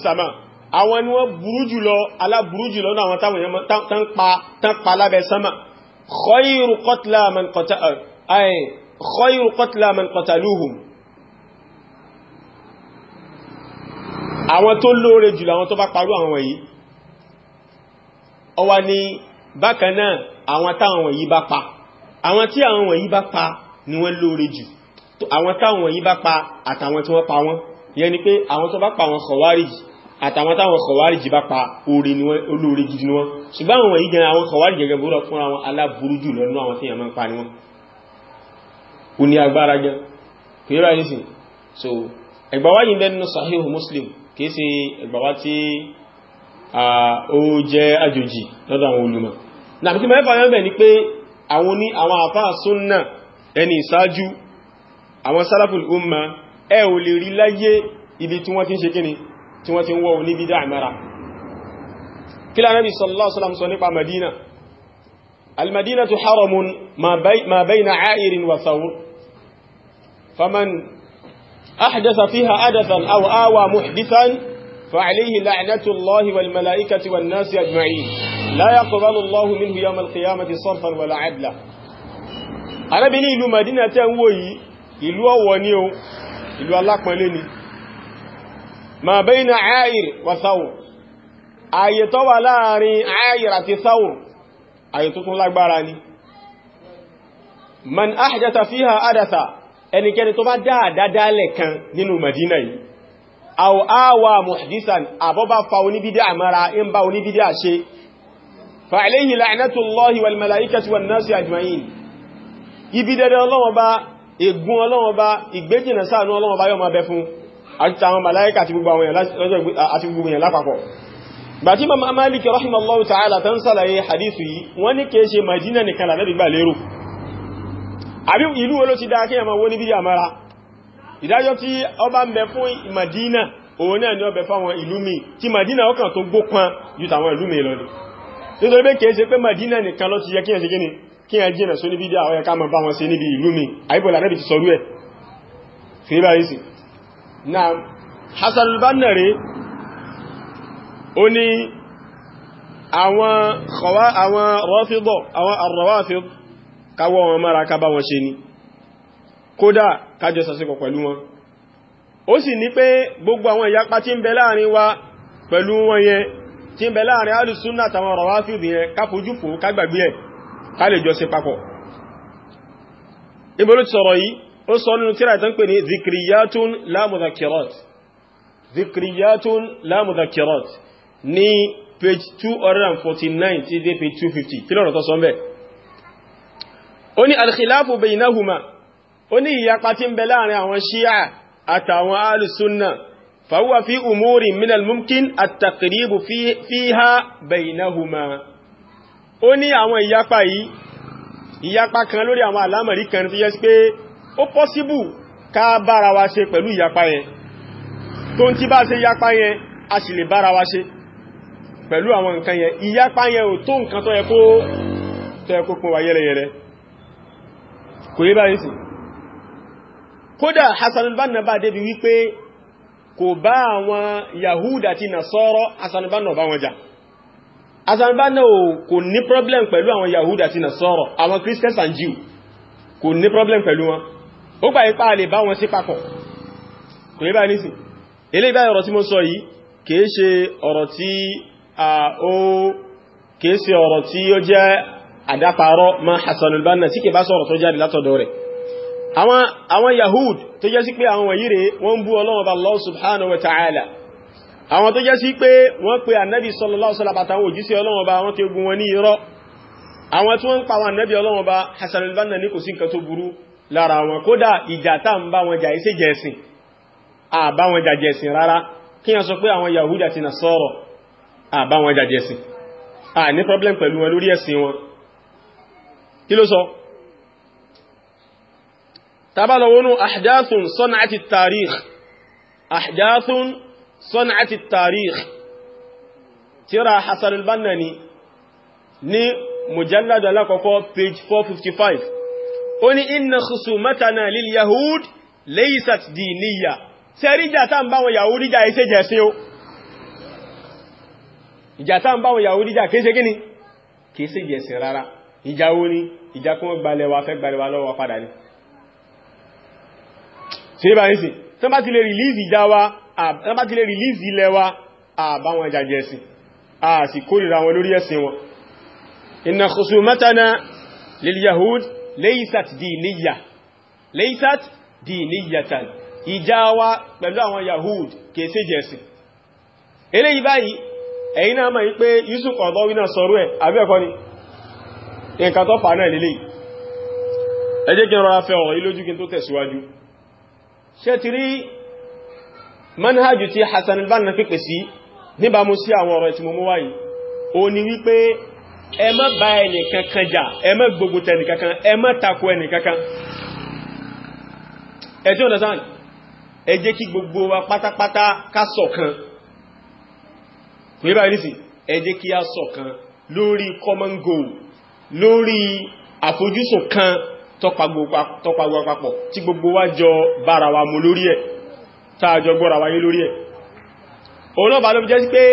abu àwọn ni wọ́n burú jùlọ aláburú jùlọ náà àwọn táwọn èèyàn tán pa lábẹ́ sánmà khayru qatla man qata ay khayru qatla man qataluhum àwọn tó lóore jùlọ àwọn tó bá parú àwọn wọ̀nyí ọwà ni bákan náà àwọn táwọn wọ̀nyí bá pa àwọn tí àwọn wọ̀nyí bá pa ni wọ́n lóore jù àwọn táwọn wọ̀nyí bá pa àtàwọn tí wọ́n pa wọ́n yẹn ni pé àwọn tó bá pa wọn khawarij yìí àtàwọn táwọn kọ̀wárì jì bá pa olóore gidi ni wọ́n ṣùgbọ́n àwọn yìí gan àwọn kọ̀wárì gẹ̀gẹ̀ búrọ̀ fún àwọn aláburú jù lọ́nà àwọn tí yàmọ́ pa ni wọ́n ó ní agbára so ẹgbàwá yìí lẹ́nu muslim kìí ṣe ẹgbàwá tí ó jẹ́ àjòjì lọ́dọ̀ àwọn olùmọ̀ nàbìtí mẹ́fà yọ́n bẹ̀ ni pé àwọn ní àwọn àfáà umma ẹ ò lè rí láyé ibi tí wọ́n ti ń ṣe kíni tí wọ́n ti ń wọ́ ní bídá àmára kí lá Ànábì sallallahu alaihi wasallam sọ nípa Madina al-Madinatu haramun ma bayna a'irin wa thawr faman ahdatha fiha adathan aw awa muhdithan فعليه لعنة الله والملائكة والناس أجمعين لا يقبل الله منه يوم القيامة صرفا ولا عدلا أنا بني ìlú Madina tẹ́ ń wò yìí ìlú ọ̀wọ̀ ni o ìlú alápọ̀nlé ni ma bayna ààyè wa sáwò ààyè tó wà láàrin ààyè àti sáwò ààyè tó tún lágbára ni man ahdatha fiha adatha ẹnikẹ́ni tó bá dáadáa lẹ́kan nínú Madina yìí aw awa muhdisan àbọ́bá fa oníbídíà mara in bá oníbídíà ṣe fa alayhi la'natullahi wal mala'ikati wan nasi ajma'in ibi dẹ̀dẹ̀ Ọlọ́run bá ègún Ọlọ́run bá ìgbéjìnà sáànú Ọlọ́run bá yọ ma bẹ fún àti àwọn màláíkà àti gbogbo èèyàn lápapọ̀ gbàtí ma Málíkì rahimallahu ta'ala tán sàlàyé hadithu yìí wọ́n ní kèé ṣe Madina nìkan lànàbí gbà lérò àbí ìlú wo ló ti dáa kí ẹmọ wó níbi àmara ìdájọ́ tí ọba ń bẹ fún Madina òun náà ni ọbẹ fáwọn ìlú mi tí Madina ọkàn tó gbópan ju tàwọn ìlú mi lọ ni nítorí pé kèé ṣe pé Madina nìkan ló ti yẹ kí Naam Hassan al-Banna ó ní àwọn kọwa àwọn rọ́fíbọ̀ àwọn arrawafid káwọ́ wọn mara ká bá wọn ṣe ni kódà kájọ sàṣẹ́kọ̀ pẹ̀lú wọn ó sì ní pé gbogbo àwọn ìyapa tí ń bẹ láàrin wa pẹ̀lú wọn yẹn tí ń bẹ láàrin alùsúnnà àtàwọn arrawafid yẹn kápojúfò kágbàgbé ẹ̀ ká lè jọ ṣe papọ̀ ibo ti sọ̀rọ̀ yìí ó sọ nínú tíra ìtàn pè ní zikriyatun lamudakirot zikriyatun lamudakirot ní page 249 tí dé page 250 kí lọ́rọ̀ tó sọ mẹ́ ó ní alkhilafu bainahuma ó ní ìyapa tí ń bẹ láàrin àwọn ṣíà àtàwọn alùsúnnà فهو في أمور من الممكن التقريب في فيها بينهما ó ní àwọn ìyapa yìí ìyapa kan lórí àwọn àlámọ̀rí kan tó yẹ pé ó pọ́síbù ká bára wa ṣe pẹ̀lú ìyapa yẹn tó ń tí bá ṣe yapa yẹn a sì lè bára wa ṣe pẹ̀lú àwọn nǹkan yẹn ìyapa yẹn ò tó nǹkan tó yẹ kó tó yẹ kó pín wa yẹ́lẹ́yẹ́lẹ́ kò yé báyìí sí kódà Hassan al-Banna bá débi wípé kò bá ní problem pẹ̀lú àwọn Yahuda àti Nasara àwọn Christians and Jew kò ní problem pẹ̀lú wọn ó gbà ipá lè bá wọn sí papọ̀ kò lè bá ní sí ilé ìbá ọ̀rọ̀ tí mo sọ yìí kìí ṣe ọ̀rọ̀ tí ó kìí ṣe ọ̀rọ̀ tí ó jẹ́ àdáparọ́ ma Hassan al-Banna tí kìí bá sọ̀rọ̀ tó jáde látọ̀dọ̀ rẹ̀ àwọn Yahud tó jẹ́ sí pé àwọn Allah subhanahu wa ta'ala àwọn tó jẹ́ sí pé wọ́n sallallahu alaihi wasallam àtàwọn òjíṣẹ́ Ọlọ́run bá wọ́n ti gun wọn ní irọ́ àwọn tí wọ́n ń pa àwọn ànábì bá Hassan al-Banna ní kò sí nǹkan tó burú lára wọn kódà ìjà tá ń bá wọn jà ìṣe jẹ̀sìn àbá wọn jà rárá kí wọ́n sọ pé àwọn Yahuda ti Nasara àbá wọn jà à ní problem pẹ̀lú wọn lórí ẹ̀sìn wọn kí ló sọ tabalawonu ahdathun san'ati tarikh ahdathun san'ati tarikh tírà Hasan al-Banna ni mujallad alákọ̀ọ́kọ́ page 455 ó ní inna khusumatana lil yahud laysat diniya sẹ́rí ìjà tá ń bá wọn yahudi jà iṣẹ́ jẹ̀sìn o ìjà tá ń bá wọn yahudi jà kéṣe gíní kéṣe jẹ̀sìn rárá ìjà wo ni ìjà kí wọ́n gbalẹ̀ wa fẹ́ gbalẹ̀ wa lọ́wọ́ padà ni lil yahud leisat diniya leisat diniyatan ìjà wa pẹ̀lú àwọn yahood kìí sí jẹ́sìn eléyìí báyìí ẹ̀yin náà mọ̀ pé Yusuf ọ̀dọ́wí náà sọ̀rọ̀ ẹ̀ àbí ẹ̀kọ́ ni nǹkan tó fàánà ìlélẹ̀ ẹ jẹ́ kí n rọra fẹ́ ọ̀rọ̀ ilójú kí n tó tẹ̀síwájú ṣe ti rí manhajù tí Hassan ẹ má bá ẹnìkan kan jà ẹ má gbogbo tẹ ẹnìkan kan ẹ má tako ẹnìkan kan ẹ tí ọ̀nà sáà ẹ jẹ́ kí gbogbo wa pátápátá ká ṣọ̀kan kò yí báyìí nìsí ẹ jẹ́ kí a ṣọ̀kan lórí common goal lórí àfojúsùn kan tọpagbogbo papọ̀ tí gbogbo wa jọ bára wa mu lórí ẹ̀ táà jọ gbọ́ra wáyé lórí ẹ̀ òun náà bá ló jẹ́ sí pé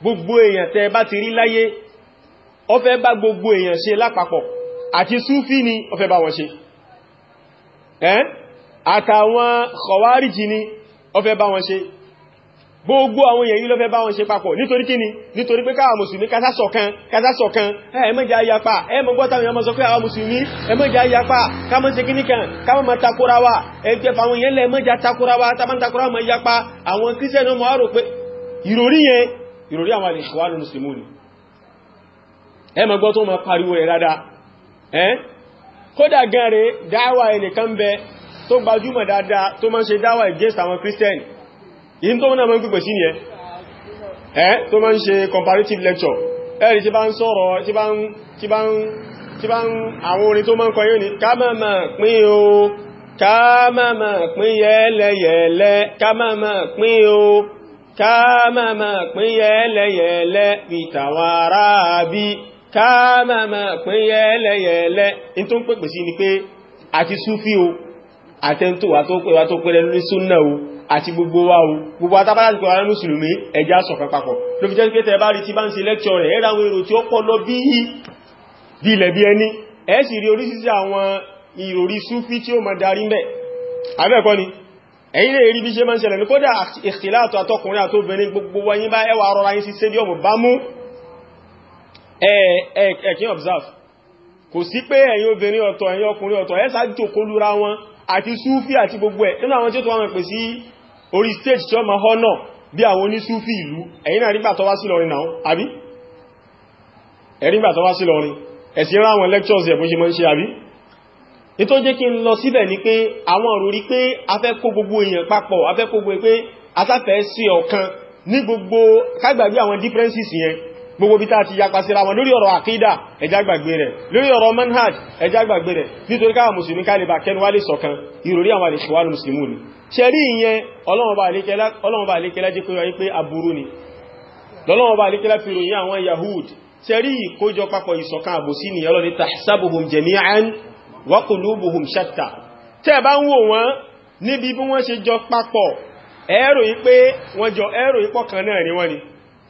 gbogbo èèyàn tẹ́ bá ti rí láyé ó fẹ́ bá gbogbo èèyàn ṣe lápapọ̀ àti súfí ni ó fẹ́ bá wọn ṣe ẹ́n àtàwọn kọwárìjì ni ó fẹ́ bá wọn ṣe gbogbo àwọn èèyàn yìí ló fẹ́ bá wọn ṣe papọ̀ nítorí kíni nítorí pé káwa mùsùlùmí kásásọ̀kan kásásọ̀kan ẹ má jẹ́ ayapa ẹ mọ́ gbọ́ta àwọn ọmọsọ pé àwọn mùsùlùmí ẹ má jẹ́ ayapa kámọ́ ṣe kíní kan kámọ́ wa ẹgbẹ́ ẹ ma gbọ́ tó ma pariwo ẹ̀ rádá ẹ́ kódà gan rẹ̀ dáwà ẹnìkan bẹ tó gbajúmọ̀ dáadáa tó ma ṣe dáwà against àwọn Christian yìí tó náà ma ń pípẹ̀ sí yẹn ẹ́ tó ma ń ṣe comparative lecture ẹ̀rì tí bá ń sọ̀rọ̀ tí bá ń tí bá ń tí bá ń àwọn orin tó ma ń kọ yóò ní ká pín o ká pín yẹ́lẹ́yẹ̀lẹ́ ká pín o ká pín yẹ́lẹ́yẹ̀lẹ́ ìtàwárá bíi káàmàmà pín yẹ́lẹ́yẹ̀ẹ́lẹ́ in tó ń pèpè sí ni pé àti súfí o àtẹ́ntò wà tó pèwà tó pẹ̀lẹ̀ lórí súnnà o àti gbogbo wa o gbogbo atábálá ti pẹ̀lẹ̀ mùsùlùmí ẹja sọ̀kan papọ̀ ló fi jẹ́ pé tẹ́ bá rí tí bá ń ṣe lẹ́kṣọ́ rẹ̀ ẹ́ra àwọn èrò tí ó pọ̀ lọ bí ilẹ̀ bí ẹni ẹ sì rí oríṣiríṣi ni ẹ̀yìn lè rí bí ṣe máa ń ṣẹlẹ̀ ẹ̀kí observe kò sí pé ẹ̀yin obìnrin ọ̀tọ̀ ẹ̀yin ọkùnrin ọ̀tọ̀ ẹ́sà jòkólúra wọn àti súfí àti gbogbo ẹ̀ nínú àwọn tí ó tó wọ́n pè sí orí stage tí ó ma họ́nà bí àwọn oní súfí ìlú ẹ̀yin náà rígbà tó wá sí lọrin náà àbí ẹ̀rígbà tó wá sí lọrin ẹ̀sìn rá àwọn lectures ẹ̀ bó ṣe mọ́ ń ṣe àbí ní tó jẹ́ kí n lọ síbẹ̀ ni pé àwọn òrùrí pé a fẹ́ kó gbogbo èèyàn papọ̀ a fẹ́ kó gbogbo pé a sáfẹ́ sí ọ̀kan ní gbogbo kágbàgbé àwọn differences yẹn gbogbo bí táà ti yapa síra wọn lórí ọ̀rọ̀ àkídà ẹjá gbàgbé rẹ̀ lórí ọ̀rọ̀ manhaj ẹjá gbàgbé rẹ̀ nítorí káà mùsùlùmí kálìbà kẹnu wálé ṣọ̀kan ìròrí àwọn àlèṣèwárù mùsùlùmí ni ṣe rí ìyẹn ọlọ́mọba àlékẹ́lá jẹ́ kóyọ pé aburú ni lọ́lọ́mọba àlékẹ́lá fi ròyìn àwọn yahud ṣe rí ìkójọ papọ̀ ìṣọ̀kan àbòsí ni ọlọ́ni tahsabuhum jami'an wa qulubuhum shatta tẹ́ bá ń wò wọ́n níbi pé ni wọ́n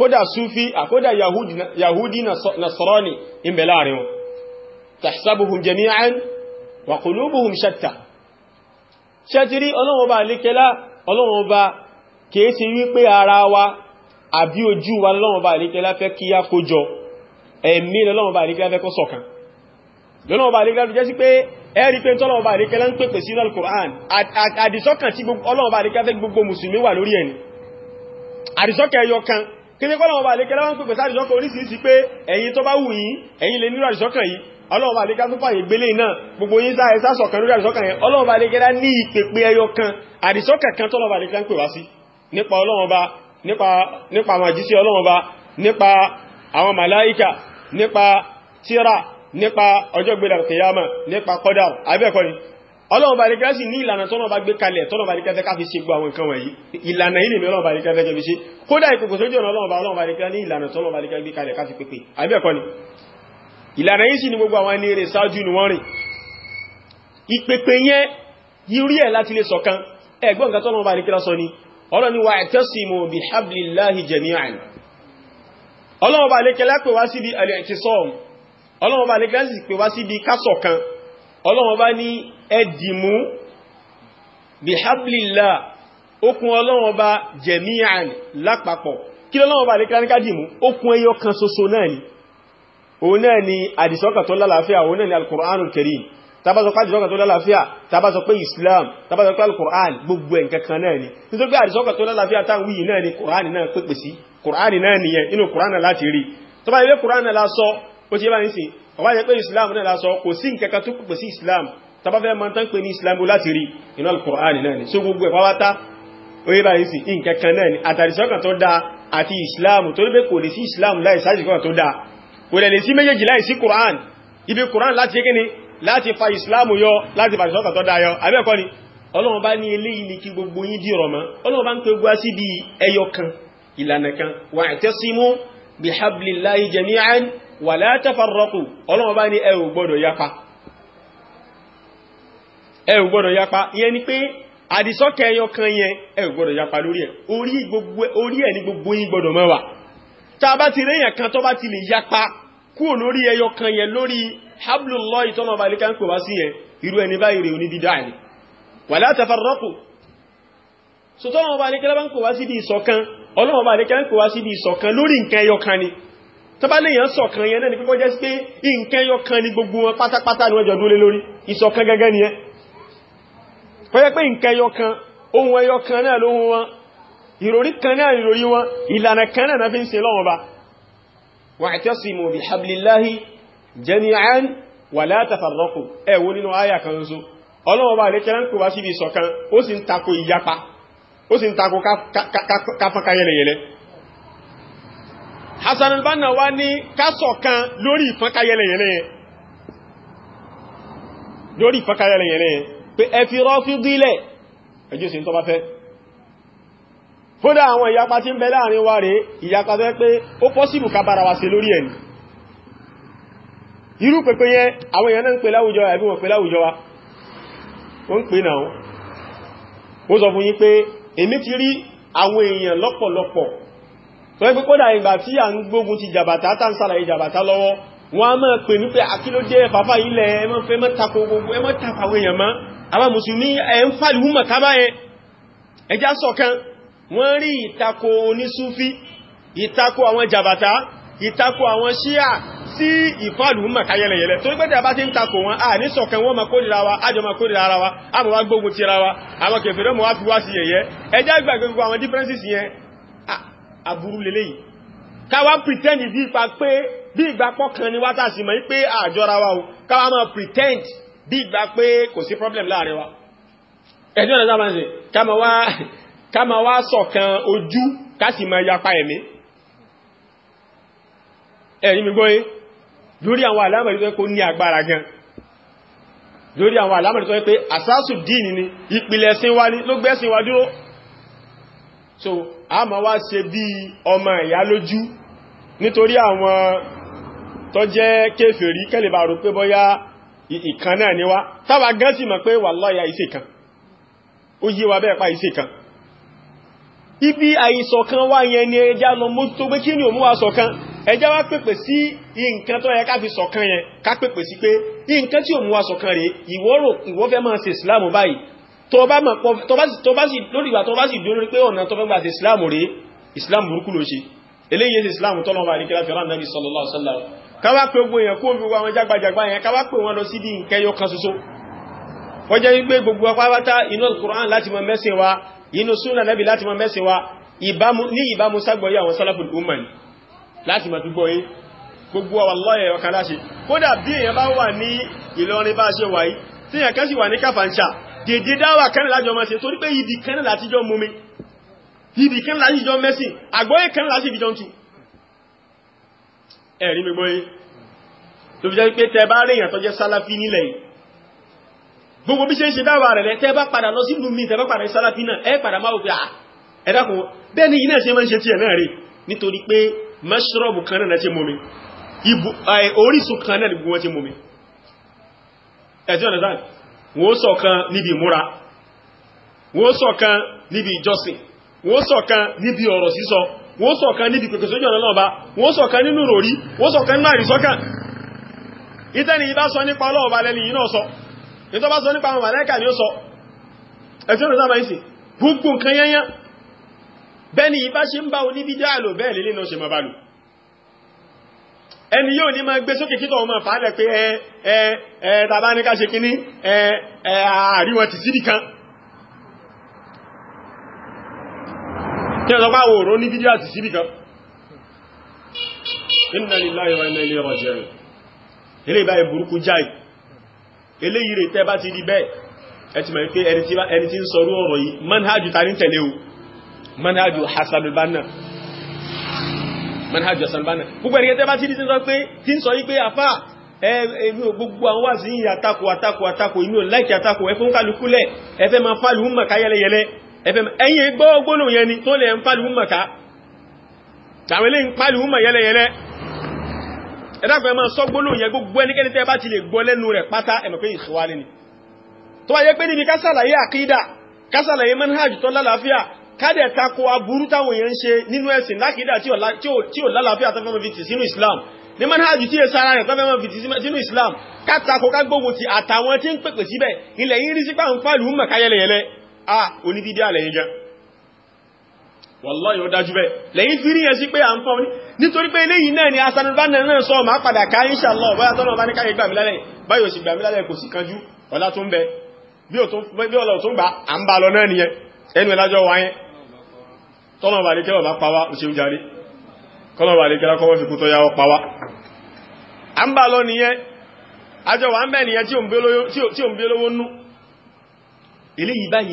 kódà súfí àkódà yahudi nasarani in bẹ láàrin wọn tahsabuhum jami'an wa qulubuhum shatta ṣẹ́tírí ọlọ́wọ́ bá alékẹ́lá ọlọ́wọ́ bá kèésí wípé ara wa àbí ojú wa lọ́wọ́ bá alékẹ́lá fẹ́ kí á kójọ ẹ̀mí lọ́wọ́ bá alékẹ́lá fẹ́ kó ṣọ̀kan lọ́wọ́ bá alékẹ́lá fi jẹ́ sí pé ẹ̀rí pé tọ́lọ́wọ́ bá alékẹ́lá ń pèpè sínú al-Qur'an àdìsọ́kàn kíní pọ́lọ̀wọ́ bá lékẹ́lá wọ́n pèpè sáàrì sọ́kọ̀ orísìírísìí pé ẹ̀yin tó bá wù yín ẹ̀yin lè nílò àrísọ́kàn yìí ọlọ́wọ́ bá lékẹ́lá tó fàyè gbélé náà gbogbo yín sáà ẹ̀sá sọ̀kan lórí àrísọ́kàn yẹn ọlọ́wọ́ bá lékẹ́lá ní ìpèpè ẹyọ kan àrísọ́kàn kan tọ́lọ́wọ́ bá lékẹ́lá ń pè wá sí nípa ọlọ́wọ́ bá nípa nípa àwọn àjíṣẹ́ ọlọ́wọ́ bá ọlọ́run bá ríkẹ́ sí ní ìlànà tọ́nà bá gbé kalẹ̀ tọ́nà bá ríkẹ́ fẹ́ ká fi ṣe gbọ́ àwọn nǹkan wọ̀nyí ìlànà ilé mi ọlọ́run bá ríkẹ́ fẹ́ kẹfí ṣe kódà ìkòkò sójú ọ̀nà ọlọ́run bá ọlọ́run bá ríkẹ́ ní ìlànà tọ́nà bá ríkẹ́ gbé kalẹ̀ ká fi pépè àbí ẹ̀kọ́ ni ìlànà yìí sì ni gbogbo àwọn eléré ṣáájú ni wọ́n rìn ìpèpè yẹn yìí ẹ̀ láti lè sọ̀kan ẹ̀gbọ́n nǹkan tọ́nà bá ríkẹ́ sọ ni ọlọ́run ni wa'tasimu bihablillahi jami'an ọlọ́run bá ríkẹ́ lápè wá síbi al-i'tisam ọlọ́run bá ríkẹ́ sì pè wá síbi kásọ̀kan ọlọ́wọ́n bá ní ẹdìmú bihablilá okùn ọlọ́wọ́n bá jẹ̀míàn lápapọ̀ kí lọ́wọ́n bá lè kíráníká dìmú okùn ẹyọ kan ṣoṣo náà ni òun náà ni àdìsọ́kà tó lálàáfíà òun náà ni alkùránù karim tabasọ pé àdìsọ́kà tó lálàáfíà tabasọ pé islam tabasọ pé alkùránù gbogbo ẹ̀ kankan ni nítorí pé àdìsọ́kà tó lálàáfíà táwọn wíyì ni kùránù náà pépè sí kùránù náà nìyẹn inú kùránù láti rí tó bá ilé kùránù la sọ ó ọba jẹ́ pé islam náà lásọ kò sí nkẹ́kẹ́ tó pè sí islam tàbá fẹ́ mọ́ tán pè ní islam láti rí inú al-Qur'an náà ni so gbogbo ẹ̀ pàwátá oye báyìí sí nkẹ́kẹ́ náà ni àtàrísọ́kàn tó dáa àti islam tó lé kò lè sí islam láì sáàjìkọ́ tó dáa kò lè lè sí méjèèjì láì sí Qur'an ibi Qur'an láti yé kíni láti fa islam yọ láti fa ìsọ́kàn tó dáa yọ abẹ́ẹ̀kọ́ ni ọlọ́run bá wala tafarraqu ọlọ́wọ́ bá ní ẹ ò gbọ́dọ̀ yapa ẹ ò gbọ́dọ̀ yapa yẹn ni pé àdìsọ́kẹ́ ẹyọ kan yẹn ẹ ò gbọ́dọ̀ yapa lórí ẹ̀ orí ẹ̀ ní gbogbo yín gbọ́dọ̀ máa wà tá a bá ti rẹ́yìn kan tó bá ti lè yapa kúrò lórí ẹyọ kan yẹn lórí hablullah ìtọ́nà ọba tó bá lèyàn ṣọ̀kan yẹn náà ni pípọ́ jẹ́ sí pé nǹkan yọ kan ní gbogbo wọn pátápátá ni wọ́n jọ dúró lé lórí ìṣọ̀kan gẹ́gẹ́ ni ẹ fọ́yẹ́ pé nǹkan yọ kan ohun ẹyọ kan náà lóhun wọn ìròrí kan náà ìròrí wọn ìlànà kan náà fi ń ṣe lọ́wọ́ bá wa'tasimu bihablillahi jami'an wa la tafarraqu ẹ wo nínú àyà kan so ọlọ́wọ́ bá ilé Hassan al-Banna wá ní kásọ̀ kan lórí ìfọ́nkayẹlẹ̀yẹlẹ́yẹn lórí ìfọ́nkayẹlẹ̀yẹlẹ́yẹn pé ẹ fi Rafidi lẹ̀ ẹjọ́ sí tó bá fẹ́ fódá àwọn ìyapa tí ń bẹ láàrin wa rẹ̀ ìyapa tó pé ó pọ́sìbù ká bára wa ṣe lórí ẹni irú pẹ̀pẹ̀ yẹn àwọn èèyàn náà ń pè láwùjọ àbí wọn pè láwùjọ wa ó ń pè náà ó sọ fún yín pé èmi ti rí àwọn èèyàn lọ́pọ̀lọpọ̀ tó yẹ pé kódà ìgbà tí à ń gbógun ti jàbàtà tá ń sàlàyé jàbàtà lọ́wọ́ wọn a máa pè wípé àkílódé bàbá ilẹ̀ ẹ máa fẹ́ máa tako gbogbo ẹ máa tako àwọn èèyàn mọ́ àwọn mùsùlùmí ẹ ń fàlùú mọ̀ kábà yẹn ẹjá sọ̀kan wọ́n rí ìtako onísúfí ìtako àwọn jàbàtà ìtako àwọn ṣíà sí ìfàlù mọ̀ káyẹlẹ̀yẹlẹ̀ ní sọ̀kan aburú lélẹ́yìí káwá pretend bí ipa pé bí ìgbà pọ́kàn ni wá tàṣì mọ̀ pé àjọra wa o káwá máa pretend bí ìgbà pé kò sí problem láàrin wa ẹ̀jọ́ ọ̀nà sábà ń sè ká máa wá ṣọ̀kan ojú ká sì máa yapa ẹ̀mí ẹ̀yìn mi gbọ́yé lórí àwọn àlámọ̀rí tó yẹ kó ní agbára gan lórí àwọn àlámọ̀rí tó pé àsásù díìnì ni ìpìlẹ̀ ẹ̀sìn wa ni ló gbẹ́sìn wa dúró so a ma wá ṣe bí ọmọ ìyá lójú nítorí àwọn tó jẹ́ kéfèrí kẹ́lẹ̀bà rò pé bọ́yá ìkan náà ni wá táwa gán sì mọ̀ pé wàláhì ìṣe kan ó yé wa bẹ́ẹ̀ pa ìṣe kan ibi àìṣọ̀kan wá yẹn ni ẹjá lọ mú tó gbé kí ni òmú wa ṣọ̀kan ẹjá wá pèpè sí nǹkan tó yẹ ká fi yẹn ká pèpè sí pé nǹkan tí òmú wa ṣọ̀kan rèé ìwọ rò máa ṣe ìsìláàmù báyìí tó bá sì lórí ìgbà tó bá sì dúró pé ọ̀nà tó fẹ́ gbà sí islam rí islam burúkú ló ṣe eléyìí sí islam tọ́lọ́ bá ríkẹ́lá fẹ́ràn náà sallallahu alaihi wasallam káwá pé gbogbo èèyàn kó ń fi wá wọn jágbàjàgbà yẹn káwá pé wọn lọ sí bí nǹkẹ́ yọ kan ṣoṣo wọ́n jẹ́ wípé gbogbo apáwátá inú al-Qur'an láti mọ mẹ́sìn wa inú súnà nẹ́bì láti mọ mẹ́sìn wa ní ìbámu ságbọ̀yé àwọn salaful umma ni láti mọ̀ tó gbọ́yé gbogbo wallahi ọ̀kan láṣe kódà bí èèyàn bá wà ní Ìlọrin bá ṣe wáyé tí èèyàn kan sì wà ní Kàfàǹṣà dèdè dáwà kan lájọ máa ṣe torí pé ibi kan láti jọ mú mi ibi kan láti jọ mẹ́sìn àgbọ́yé kan láti ibi jọ ń tu ẹ̀rí mi gbọ́yé tó fi jẹ́ pé tẹ bá ríyàn tó jẹ́ sálàfí nílẹ̀ yìí gbogbo bí ṣe ń ṣe dáwà rẹ̀ lẹ́ tẹ bá padà lọ sí ìlú mi tẹ bá padà sálàfí náà ẹ padà máa wòfin ẹ̀dàkùn bẹ́ẹ̀ ni iná ṣe máa ń ṣe tiẹ̀ náà rè nítorí pé mẹ́ṣọ́rọ̀bù kan náà ṣe mú mi orísun kan náà ni gbogbo wọn ṣe mú mi ẹ̀sìn ọ̀nà sáà wọ́n ṣọ̀kan níbi ìmúra wọ́n ṣọ̀kan níbi ìjọsìn wọ́n ṣọ̀kan níbi ọ̀rọ̀ sísọ wọ́n ṣọ̀kan níbi pẹ̀kẹ̀sọ́jọ́ ọ̀nà náà bá wọ́n ṣọ̀kan nínú ròrí wọ́n ṣọ̀kan nínú àrísọ́kàn ìtẹ́ni ìbá sọ nípa ọlọ́ọ̀bá lẹ́ni yìí náà sọ ìtọ́ bá sọ nípa àwọn màlẹ́kà ni ó sọ ẹ̀tí ọ̀nà sábà ìsìn gbogbo nǹkan yẹnyẹn ẹni yóò ní máa gbé sókè kítọ̀ ọmọ fàálẹ̀ pé ẹ ẹ ẹ tàbá ní ká ṣe kíní ẹ ẹ àríwọ̀n ti sídì kan kí ọ̀sọ́ pá wòrò ní fídíò àti sídì kan inna lillahi wa inna ilayhi raji'un ilé manhajọ sanbana gbogbo ẹ̀rẹ́ tẹ́ bá ti dín sọ pé tí ń sọ yí pé àfà ẹ̀mí ò gbogbo àwọn wà sí yìí àtakò àtakò àtakò inú láìkì àtakò ẹfẹ́ ń kálukúlẹ̀ ẹfẹ́ ma fàlù ń màká yẹlẹyẹlẹ ẹfẹ́ ẹ̀yìn gbọ́gbónà yẹn ni tó lẹ̀ ń fàlù ń màká tàwọn ilé ń pàlù ń mà yẹlẹyẹlẹ ẹ̀dàpẹ́ ma sọ gbónà yẹn gbogbo ẹnikẹ́ni tẹ́ bá ti lè gbọ́ lẹ́nu rẹ̀ pátá ẹ̀mọ̀ pé pé níbi kádẹ̀ tako aburú táwọn èèyàn ń ṣe nínú ẹ̀sìn lákìdá tí ò lálàáfíà tó fẹ́ mọ́ fi tì sínú Islam ní manhajì tí èsà ara rẹ̀ tó fẹ́ mọ́ fi tì sínú Islam kátako kágbógun ti àtàwọn tí ń pèpè síbẹ̀ ilẹ̀ yìí rí sípà ń fàlù mọ̀ káyẹlẹyẹlẹ a oníbídí àlẹ́yìn jẹ́ wọ́lọ́yìn ó dájú bẹ́ lẹ́yìn fi rí yẹn sí pé à ni asanubánà náà sọ ma padà ká inshallah báyá tọ́nà bá ní káyẹ gbàmílálẹ̀ báyò sì gbàmílálẹ̀ kò sì kanjú ọlá tó ẹnu ẹlájọ́ wáyẹn tọ́nà bà lè kẹ́lọ̀ bá pàwá ò ṣe ń jarí kọ́nà bà lè kẹ́lá kọ́wọ́ fi kú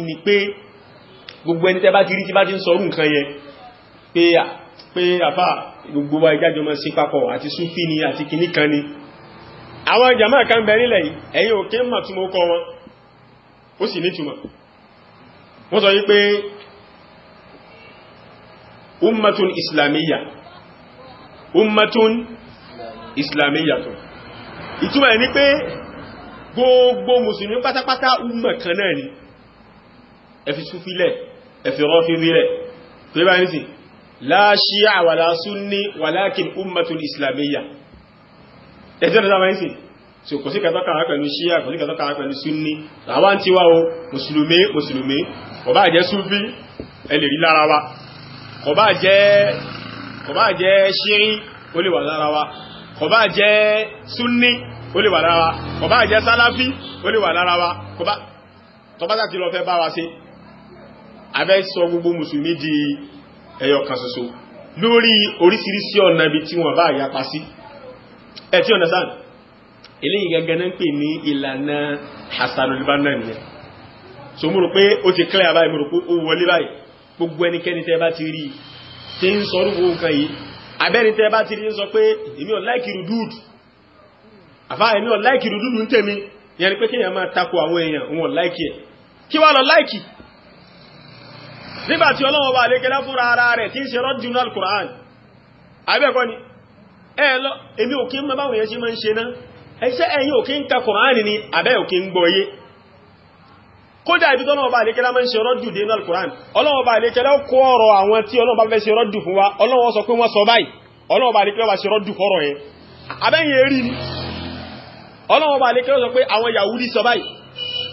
ni pé gbogbo ẹni tẹ́ bá ti rí tí bá ti ń sọrú nǹkan yẹn pé pé àfà gbogbo wa ìjájọ mọ́ sí papọ̀ àti súfí ni àti kìní kan ni àwọn jàmáà kan bẹ nílẹ̀ yìí ẹ̀yin ummatun islamiyya ummatun islamiyya tó ìtumọ̀ ẹ̀ ní pé gbogbo mùsùlùmí pátápátá umma kan náà ni ẹ̀fì súfilẹ̀ ẹ̀fì rọ́fíwílẹ̀ tó yíba ní sí la shi'a wala sunni walakin ummatun islamiyya ẹ̀tẹ́ tó sáwọn sí tí kò sí kàtọ́ kàrà pẹ̀lú shi'a kò sí kàtọ́ kàrà pẹ̀lú sunni àwọn tí wá o mùsùlùmí mùsùlùmí ọba àjẹ́ súfí ẹlẹ́rí lára wa kò bá jẹ́ kò bá jẹ́ ṣírí ó lè wà lára wa kò bá jẹ́ súnní ó lè wà lára wa kò bá jẹ́ sáláfí ó lè wà lára wa kò bá tọ́bátà ti lọ fẹ́ bá wa sí abẹ́ sọ gbogbo mùsùlùmí di ẹyọ kan ṣoṣo lórí oríṣiríṣi ọ̀nà ibi tí wọ́n bá yapa sí ẹ̀ tí ọ̀nà sáà eléyìí gẹ́gẹ́ náà ń pè ní ìlànà Hasanul Banna nìyẹn so mo rò pé ó ti clear báyìí mo rò pé ó wọlé báyìí gbogbo ẹnikẹ́ni tẹ́ bá ti rí tí ń sọ rúgbò nǹkan yìí abẹ́ni tẹ́ bá ti rí ń sọ pé èmi ò láìkì rùdúùdù àfá èmi ò láìkì rùdúùdù ń tèmi yẹn ni pé kéèyàn máa tako àwọn èèyàn wọn láìkì ẹ̀ kí wá lọ láìkì nígbà tí ọlọ́wọ́ bá lè kẹlẹ́ fúnra ara rẹ̀ tí ń ṣe rọ́dù náà Qur'an abẹ́kọ́ ni ẹ lọ èmi ò kí ń mọ báwọn èèyàn ṣe máa ń ṣe náà ẹ̀ṣẹ́ Qur'an ni abẹ́ ò kí kódà ibi tọ́lọ́wọ́ bá àlékẹ́lá máa ń ṣe rọ́dù dé náà kùrán ọlọ́wọ́ bá àlékẹ́lá kó ọ̀rọ̀ àwọn tí ọlọ́wọ́ bá fẹ́ ṣe rọ́dù fún wa ọlọ́wọ́ sọ pé wọ́n sọ báyìí ọlọ́wọ́ bá àlékẹ́lá wá ṣe rọ́dù fọ́rọ̀ yẹn abẹ́yìn erí ni ọlọ́wọ́ bá àlékẹ́lá sọ pé àwọn yahudi sọ báyìí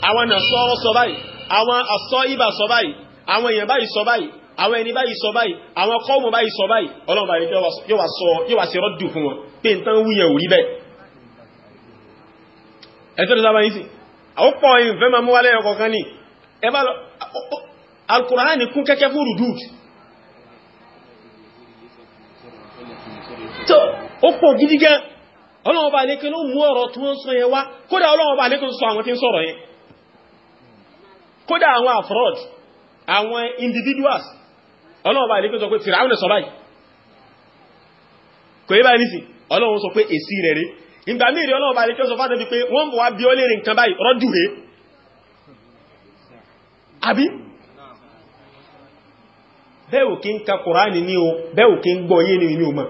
àwọn nàṣọ́rọ́ sọ báyìí àwọn asọ́ ibà sọ báyìí àwọn èèyàn báyìí sọ báyìí àwọn ẹni báyìí sọ báyìí àwọn kọ́ọ̀mù báyìí sọ báyìí ọlọ́run báyìí yóò wá sọ yóò wá sí rọ́dù fún wọn pé n tán wúyẹ̀ àwọ́pọ̀ ìfẹ́ ma mú wálẹ̀ ọkọ̀kan ní ẹbá alkùnránì kún kẹ́kẹ́ fún rùdú tó ó pọ̀ gidi gan Ọlọ́run Ọba lékẹ́ ló mú ọ̀rọ̀ tó ń sọ yẹn wá kódà Ọlọ́run lékẹ́ sọ àwọn tí ń sọ̀rọ̀ yẹn kódà àwọn afrod àwọn individuals Ọlọ́run Ọba lékẹ́ sọ pé tìràwọ̀n sọ báyìí kò yí báyìí nísì Ọlọ́run ìgbà mí ìrẹ́ ọlọ́ọ̀bá alẹ́kẹ́ sọ fádẹ́ bí pé wọ́n bọ̀ wá bí ó lè rìn kan báyìí rọ́jú rẹ̀ àbí bẹ́ẹ̀ ò kí ń ka kùránì ní o bẹ́ẹ̀ ò kí ń gbọ́ yé ní inú mọ̀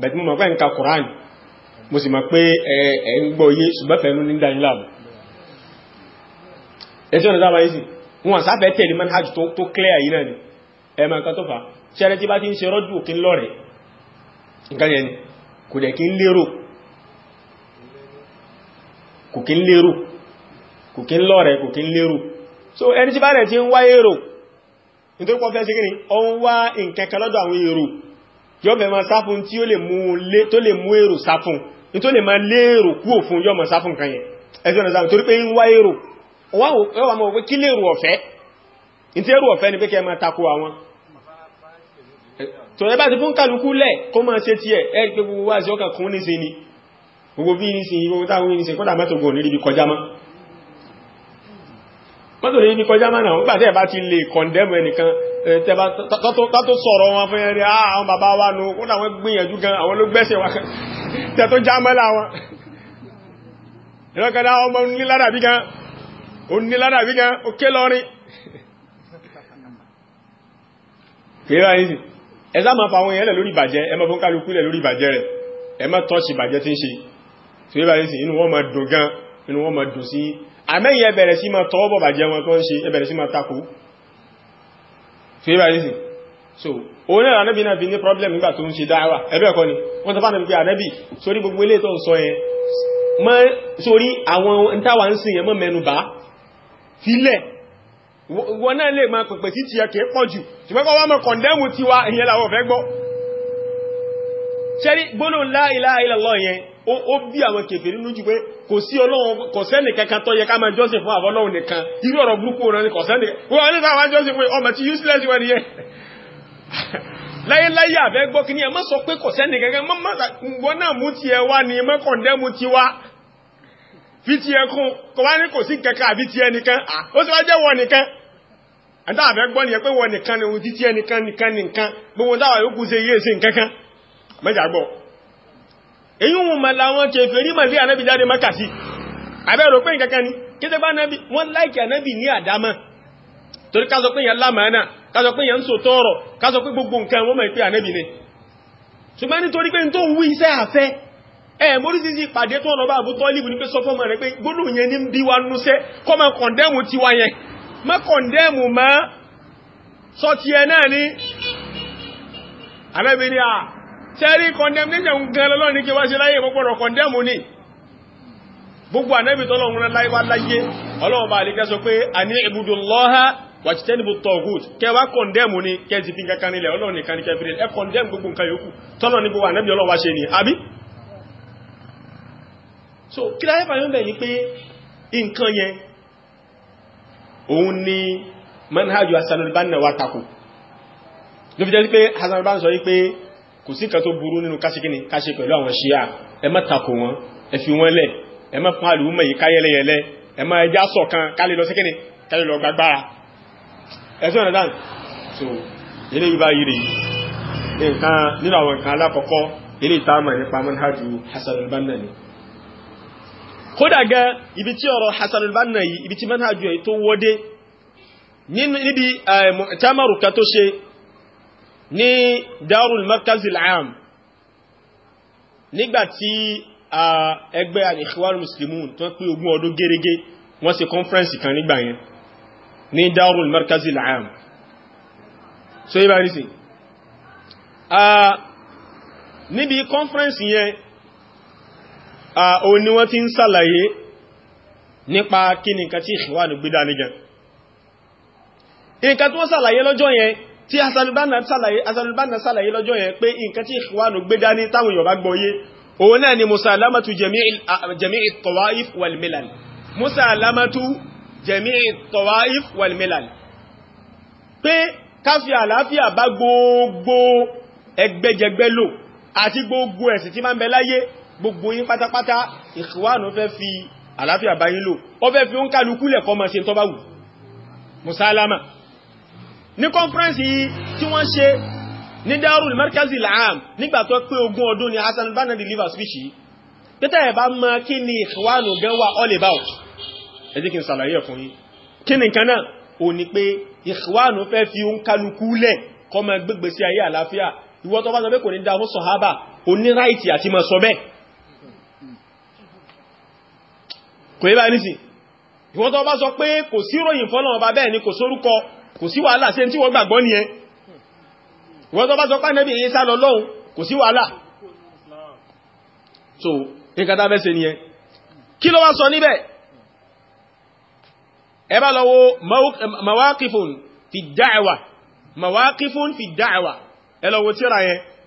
bẹ̀tí mo mọ̀ pé ń ka kùránì mo sì mọ̀ pé ẹ̀ ń gbọ́ yé ṣùgbẹ́fẹ̀ẹ́nú ní dániláàbù ẹjọ́ ọ̀nà sábà yìí wọn sáfẹ́ tẹ̀lé clear yìí náà ni ẹ̀mọ̀ nǹkan tó fà ṣẹ́rẹ́ tí bá ti ń ṣe rọ́jú òkín lọ́rẹ̀ nǹkan yẹn kò dẹ̀ kí ń lérò lọ́rẹ̀ kò kí so ẹni tí bá rẹ̀ tí ń wá èrò nítorí pọ́fẹ́ sí gíní ọ ń wá nǹkankan lọ́dọ̀ àwọn èrò yọ́ bẹ̀ ma sáfún tí tó lè mú èrò sáfún ní tó lè ma lérò kú òfin yọ́ ma sáfún kan ni pé kẹ́ ma tó ẹbá ti fún kàlùkù lẹ̀ kó máa ṣe tí ẹ̀ ẹ́ pé gbogbo wá sí ọkà kún ní sí ni gbogbo bí ní sí gbogbo táwọn ní sí kọ́dà mẹ́tò gùn níbi kọjá mọ́ mọ́tò níbi kọjá mọ́ náà gbàtẹ́ ẹ̀bá ti lè kọ̀ndẹ́mù ẹnìkan tátó sọ̀rọ̀ wọn fún ẹrí ah, àwọn bàbá wa nù kó náà wọ́n gbìyànjú gan àwọn ló gbẹ́sẹ̀ wa tẹ́ tó já mọ́ láwọn ìrọ́kadà ọmọ níládàbí gan ó níládàbí gan ó ké lọ́rin kí ló wáyé sí ẹ̀sá ma fa àwọn èèyàn lẹ̀ lórí ìbàjẹ́ ẹ fún kálukú lẹ̀ lórí ìbàjẹ́ rẹ̀ ẹ má ìbàjẹ́ tí ń ṣe tí ó bá ní sí inú wọn ma dùn gan inú wọn ma dùn sí àmẹ́yìn ẹ sí ma tọwọ́ so òun náà anábì problem nígbà tó ń ṣe dáwà ẹ̀bẹ́ wọn náà lè máa pẹ̀pẹ̀ sí ti ẹkẹ̀ pọ̀ jù ṣùgbọ́n wọ́n mọ̀ kọ̀ndẹ́mù ti wá ìyẹn làwọn fẹ́ gbọ́ ṣẹ́rí gbónà la ilaha illallah yẹn ó bí àwọn kèfè nínú jù pé kò sí ọlọ́run kò sẹ́nì kankan tó yẹ ká máa jọ́sìn fún àwọn ọlọ́run nìkan irú ọ̀rọ̀ burúkú ọ̀rọ̀ ni kò sẹ́nì wọ́n ní sáwọn jọ́sìn fún ọmọ tí useless wọ́n ni yẹn láyé láyé àfẹ́ gbọ́ kí ni ẹ má sọ pé kò ẹ̀dá àbẹ́ gbọ́ ni ẹ pé wọ́n nìkan ni ohun títí ẹnìkan nìkan nìkan gbogbo dáwà yóò kú sí iye sí nkankan mẹ́jàgbọ́ èyí wọn mọ̀ láwọn ṣe fèrí mọ̀ sí ànábì jáde mọ́kà sí àbẹ́ rò pé nkankan ni kété bá ànábì wọ́n láìkì ànábì ní àdámọ́ torí ká sọ pé yẹn lámàánà ni ṣùgbọ́n nítorí pé tó ń wú iṣẹ́ àfẹ́ ẹ̀ mórí sí ìpàdé tó ọ̀nà bá àbútọ́ líbù ní pé sọ fọ́mọ rẹ̀ pé gbóòlù yẹn ní bí wa núṣẹ́ kọ́ kọ̀ndẹ́mù tiwa yẹn Ma kọ̀ndẹ́mù má sọ ti ẹ náà ní àbẹ́bí ni à tẹ́rí condemnation gan lọ́lọ́ ní kí wá sí láyé pọ́pọ̀rọ̀ condemn ní gbogbo ànẹ́bì tọ́lọ́run láyéwá láyé ọlọ́run bá àlíkẹ́ sọ pé a ní ibùdókọ́lọ́ha wàtítẹ́nibù condemn ní kẹjì fi kankan nílẹ̀ ọlọ́run nìkan ní kẹfìrí condemn gbogbo nǹkan yòókù tọ́lọ́ ní gbogbo ànẹ́bì ọlọ́run wá so kí láyé fàyọ́ bẹ̀ ní pé nǹkan yẹn òun ni manhajù asanulbanna wa tako ló fi jẹ́ sí pé asanulbanna sọ wípé kò sí kan tó burú nínú káṣíkíní káṣí pẹ̀lú àwọn ṣíà ẹ má tako wọn ẹ fi wọn lẹ̀ ẹ má fún àlùmọ̀ yìí káyẹlẹyẹlẹ ẹ má ẹjá sọ̀kan kálí lọ síkíní kálí lọ gbàgbára ẹ̀sùn ọ̀nà dáhùn so ilé yìí bá yìí rèé nǹkan nínú àwọn nǹkan alákọ̀ọ́kọ́ ilé ìtààmà nípa manhajù asanulbanna ni kódà gan ibi tí ọ̀rọ̀ Hassan al-Banna yìí ibi tí manhajù ẹ̀ tó wọ́dé níbi eh, tamaruka tó ṣe ní darul markazil am nígbàtí eh, ẹgbẹ́ al-Ikhwanul Muslimun tó ń pé ogún ọdún gẹ́rẹ́gẹ́ wọ́n ṣe kọ́nfẹ́rẹ́nsì kan nígbà yẹn ní darul markazil am ah, níbi kọ́nfẹ́rẹ́nsì yẹn òun ni wọ́n ti ń sàlàyé nípa kí ni nǹkan tí ìṣòwàdù gbé dání gan nǹkan tí wọ́n sàlàyé lọ́jọ́ yẹn tí asanubana sàlàyé asanubana sàlàyé lọ́jọ́ yẹn pé nǹkan tí ìṣòwàdù gbé dání táwọn Yorùbá gbọ́yé òun náà ni musalamatu jami'i tawaif wal wal milal gbogbo yín pátápátá ìkùwánù fẹ́ fi àlàáfíà báyín lò ó fẹ́ fi ó ń kálukú lẹ̀kọ́ mọ́ ṣe tó bá wù musalama ní conference yìí tí wọ́n ṣe ní darul markazi la'am nígbà tó pé ogún ọdún ni Hassan Banna deliver speech yìí pété ẹ̀ bá mọ kí ni ìkùwánù gan wà all about ẹ jẹ́ kí n ṣàlàyé ẹ̀ fún yín kí ni nǹkan náà ò ní pé ìkùwánù fẹ́ fi ó ń kálukú lẹ̀ kọ́ mọ́ gbégbèsí ayé àlàáfíà ìwọ tó bá sọ pé kò ní da fún sọ̀hábà kò yíba ní sí ìwọ́n tó bá sọ pé kò sí ròyìn fọ́lọ́wọ́ bá bẹ́ẹ̀ ni kò sórúkọ kò sí wàhálà sí tí wọ́n gbàgbọ́ ní ẹ ìwọ́n tó bá sọ pé èyí sá lọ kò sí wàhálà so nǹkan tá fẹ́ ṣe nìyẹn kí ló wá sọ níbẹ̀ ẹ bá lọ wo mawakifun fi da'wa mawakifun fi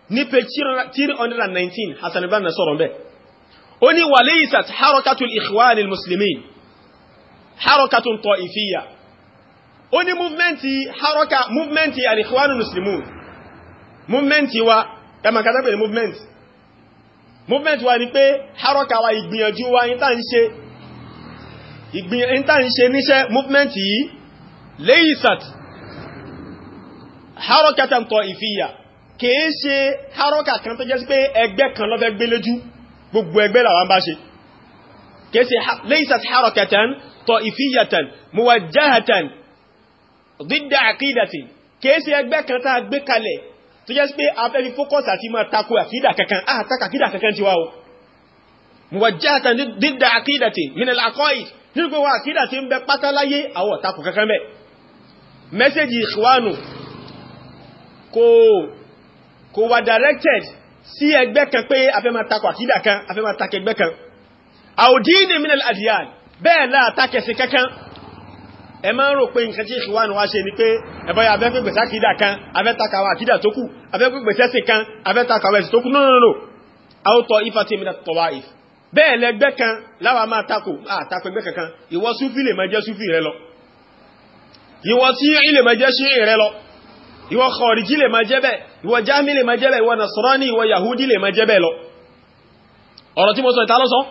319 Hassan ibn Nasr sọ̀rọ̀ bẹ́ẹ̀ ó ní walaysat harakatul ikhwanil muslimin harakatun ta'ifiyya ó ní múvmẹ́ntì haraka múvmẹ́ntì al-ikhwanul muslimun múvmẹ́ntì wa ẹmà kàtàkì ní múvmẹ́ntì múvmẹ́ntì wa ni pé haraka wa ìgbìyànjú wa ìta ń ṣe níṣẹ́ múvmẹ́ntì yìí laysat harakatan ta'ifiyya kìí ṣe haraka kan tó jẹ́ sí pé ẹgbẹ́ kan ló fẹ́ gbogbo ẹgbẹ́ làwọn bá ṣe kéèsì laysat harakatan ta'ifiyatan muwajjahatan didda aqidati kéèsì ẹgbẹ́ kan tá gbé kalẹ̀ tó jẹ́ pé afẹ́fi fókọ́s àti máa takò àkídà kankan àtàkà àkídà kankan ti wá o muwajjahatan didda aqidati min al-aqaid nínú pé directed sí ẹgbẹ́ kan pé afẹ́ máa takọ̀ àkídà kan afẹ́ máa takẹ̀ ẹgbẹ́ kan àòdíìnì minal adiyan bẹ́ẹ̀ láàtàkẹsí kankan ẹ máa ń rò pé nǹkan tí ìṣòwánù wá ṣe ni pé ẹbọ́ya afẹ́gbẹ̀gbẹ̀ sákìdá kan afẹ́takawa àkídà tó kù afẹ́gbẹ̀gbẹ̀ sẹ́sìn kan no no no àwọ́tọ̀ ifáti mi tọ́wá if bẹ́ẹ̀ lẹ́gbẹ́ kan láwa máa takò àtakò ẹgbẹ́ kankan ìwọ súfì lè máa jẹ́ súfì rẹ lọ ìwọ tí ilè máa jẹ́ ìwọ kọ̀ọ̀rìjí lè máa jẹ́bẹ̀ ìwọ jámí lè máa jẹ́bẹ̀ ìwọ nasarani ìwọ yahudi lè máa jẹ́bẹ̀ lọ ọ̀rọ̀ tí mo sọ ìtàlọ́sọ́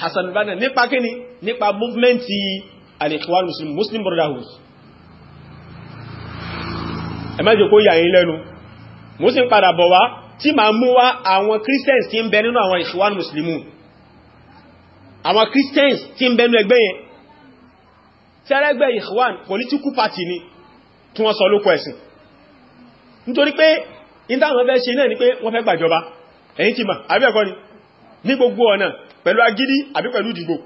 Hassan Banna nípa kíni nípa múfmẹ́ntì al-Ikhwan muslim muslim brotherhood ẹ má jẹ́ kó yà yín lẹ́nu mo sì ń padà bọ̀ wá tí ma mú wá àwọn christians tí ń bẹ nínú àwọn Ikhwan muslimun àwọn christians tí ń bẹ ẹgbẹ́ yẹn tẹ́rẹ́gbẹ́ Ikhwan political party ni kí wọ́n sọ lókọ ẹ̀sìn nítorí pé ìdáwọn fẹ́ ṣe náà ni pé wọ́n fẹ́ gbàjọba ẹ̀yìn ti ma àbí ẹ̀kọ́ ni ní gbogbo ọ̀nà pẹ̀lú agídí àbí pẹ̀lú dìgbò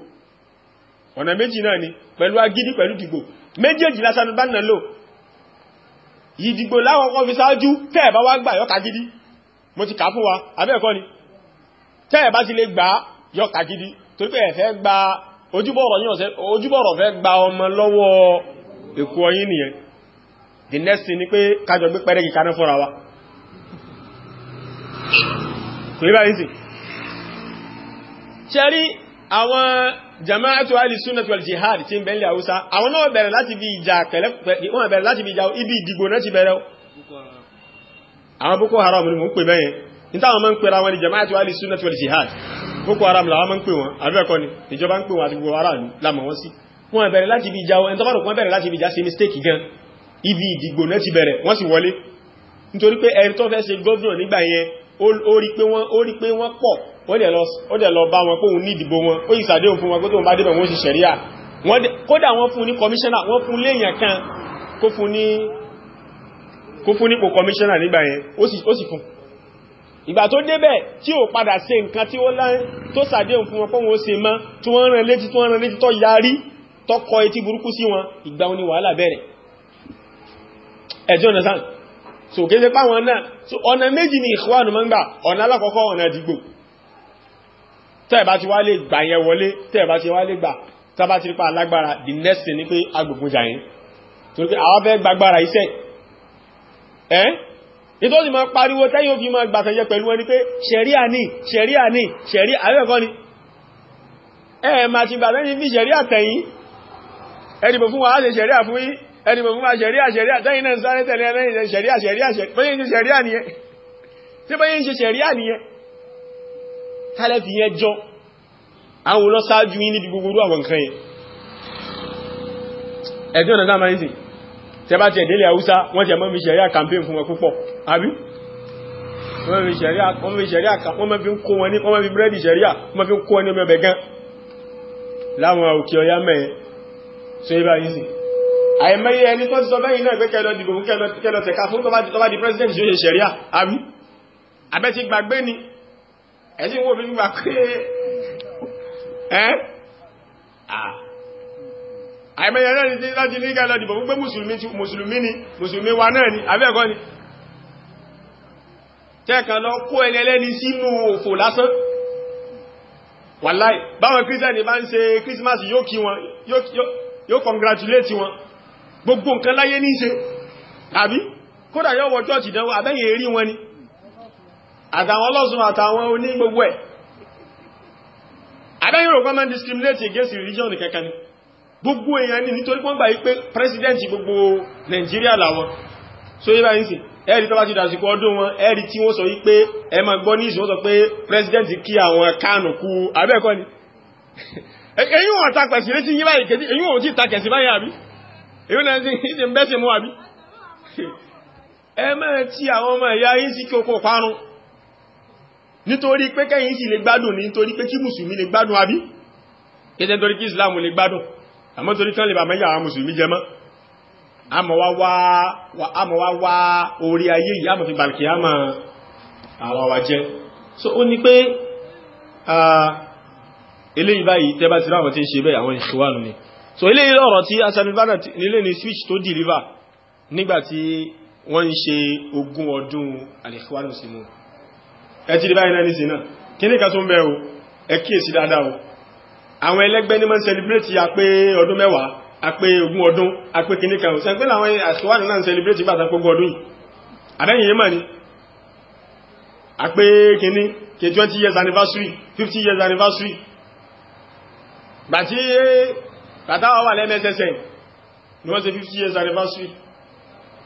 ọ̀nà méjì náà ni pẹ̀lú agídí pẹ̀lú dìgbò méjèèjì lásán bá nà lò ìdìgbò láwọ́kọ́ fi gidi mo ti wa àbí ẹ̀kọ́ ni tẹ́ẹ̀bá ti lè gbà yọ́ta gidi torí pé ẹ̀fẹ́ gba ojúbọ̀rọ̀ fẹ́ gba ọmọ lọ́wọ́ èkó ọyìn nìyẹn the next thing ni pé kájọ gbé pẹ́rẹ́gì kaná fúnra wa kò ní báyìí sí ṣẹ́rí àwọn jama'atu alisunnati wal jihad tí ń bẹ̀lẹ̀ àwúsá àwọn náà bẹ̀rẹ̀ láti bí ìjà pẹ̀lẹ́ wọ́n bẹ̀rẹ̀ láti bí ìjà ibi ìdìgbò náà ti bẹ̀rẹ̀ àwọn Boko Haram ni mo ń pè bẹ́yẹn nítàwọn máa ń pèrà wọn ni jama'atu alisunnati wal jihad Boko Haram làwọn máa ń pè wọn àbẹ́ẹ̀kọ́ ni ìjọba ń pè wọn àti gbogbo ara lámọ̀ wọn sí wọ́n bẹ̀rẹ̀ láti bí ìjà wọn ẹ̀ntọ́kọ̀rọ̀ bẹ̀rẹ̀ láti bí ìjà sí ibi ìdìgbò náà ti bẹ̀rẹ̀ wọ́n sì wọlé nítorí pé ẹni tó fẹ́ ṣe gọ́ọ̀nà nígbà yẹn ó rí pé wọ́n pọ̀ ó dẹ̀ lọ bá wọn pé òun ní ìdìbò wọn ó yìí sàdéhùn fún wọn pé tóun bá débẹ̀ wọ́n sì ṣẹ̀ríà kódà wọ́n fún ní kọmíṣánà wọ́n fún léèyàn kan kó fún nípò kọmíṣánà nígbà yẹn ó sì fún ìgbà tó débẹ̀ tí ò padà ṣe nǹkan tí ó láyé tó sàdéhùn fún wọn pé wọn ó ṣe mọ́ tí wọ́n rán létí tó yarí tó etí burúkú sí wọn ìgbà òní bẹ̀rẹ̀ ẹjọ́ ọ̀nà sáà so kéde páwọn náà so ọ̀nà méjì ni ìkwánù mọ́ ń gbà ọ̀nà alákọ̀ọ́kọ́ ọ̀nà àdìgbò tẹ́ẹ̀bá ti wá lè gbà yẹn wọlé tẹ́ẹ̀bá ti wá lè gbà tàbá ti rípa alágbára the next thing ni pé agbègbè jàyìn torí pé àwọn fẹ́ ma pariwo tẹ́yìn ma gbàtẹ̀yẹ pẹ̀lú ẹni pé ṣẹ̀ríà ní ṣẹ̀ríà ní ṣẹ̀rí àwẹ́ẹ̀kọ́ ni ẹ ma ti gbà lẹ́yìn fi ṣẹ̀ríà tẹ̀yìn ẹ̀dìbò fún wa lè ṣẹ̀ríà fún ẹni mọ̀ fún ma ṣẹ̀ríà ṣẹ̀ríà tẹ́yìn náà sáré tẹ̀lé ẹlẹ́yìn ṣe ṣẹ̀ríà ṣẹ̀ríà bóyí ń ṣe ṣẹ̀ríà nìyẹn tí bóyí ń ṣe ṣẹ̀ríà nìyẹn tálẹ̀ fi yẹn jọ àwọn lọ sáájú yín níbi gbogbo àwọn nǹkan yẹn ẹ̀dùn ọ̀nà sáà máa ń sìn tẹ bá ti ẹ̀dẹ́lẹ̀ haúsá wọ́n ti ẹ̀mọ́ mi ṣẹ̀ríà campaign fún wọn púpọ̀ àbí wọ́n fi ṣẹ̀ríà wọ́n fi ṣẹ̀ríà wọ́n mọ́ fi ń kó wọn ní wọ́n mọ́ fi búrẹ́dì ṣẹ̀ríà wọ́n mọ́ fi ń kó wọn ní ọmọ ẹ̀bẹ̀ gan láwọn òkè ọyá mẹ́ẹ̀ so ibà yìí sìn àìmẹ́yẹ ẹni tó ti sọ bẹ́yìn náà pé kẹlọ dìbò fún kẹlọ tẹ̀ka fún tó bá di president yóò ṣe ṣẹ̀ríà àbí abẹ́ ti gbàgbé ni ẹ̀sìn wo fi gbà pé ẹ́ àìmẹ́yẹ náà ni láti ní kẹlọ dìbò fún pé mùsùlùmí ni mùsùlùmí wa náà ni àbí ẹ̀kọ́ ni tẹ́ẹ̀kan lọ kó ẹlẹ́lẹ́ni sínú òfò lásán wàláì báwọn kírísẹ́ni bá ń ṣe kírísímásì yóò kí wọn yóò congratulate wọn gbogbo nǹkan láyé ní ṣe àbí kódà yọ́ wọ chọ́ọ̀chì dánwò àbẹ́yìn èrí wọn ni àtàwọn ọlọ́sùn àtàwọn oní gbogbo ẹ̀ àbẹ́yìn rò gọ́mẹ́ discriminate against religion kankan ni gbogbo èèyàn ni nítorí wọ́n gbà yí pé president gbogbo Nàìjíríà làwọn so yíba yí sí ẹ̀rí tó bá ti dàsìkò ọdún wọn ẹ̀rí tí wọ́n sọ yí pé ẹ máa gbọ́ ní ìṣòwò sọ pé president kí àwọn Kánò kú abẹ́ẹ̀kọ́ ni èyí wọn takẹ̀sì létí yíba ìkẹ́sì èyí wọn ò tí takẹ̀sì báyìí àbí èyí náà sí ìsì ń bẹ́sẹ̀ mú àbí ẹ mẹ́rin tí àwọn ọmọ ẹ̀yà yìí sí kí o kò parun nítorí pé kẹ́yìn sì lè gbádùn ní nítorí pé kí mùsùlùmí lè gbádùn àbí kéde nítorí kí Islam lè gbádùn àmọ́ torí kán lè bàmọ́ yà àwọn mùsùlùmí jẹ mọ́ so ó ní pé ah, eléyìí báyìí tẹ́ bá ti tí ń ṣe bẹ́ẹ̀ àwọn ìṣòwà nù ni so ilé ilé ọ̀rọ̀ tí asanubana nílé ni switch tó deliver nígbàtí wọ́n ń ṣe ogún ọdún alikhwanu sí mú ẹ ti di báyìí náà nísìn náà kí ní kan tó o ẹ kíyèsí dáadáa o àwọn ẹlẹ́gbẹ́ ní máa ń celebrate ya pé ọdún mẹ́wàá a pé ogún ọdún a pé kíní kan o sẹ́ńpẹ́ làwọn alikhwanu náà ń celebrate gbàtà ogún ní a years anniversary 50 years anniversary gbàtí bàtàwà wà lẹ́mẹ́sẹsẹ̀ ni wọ́n ṣe 50 years anniversary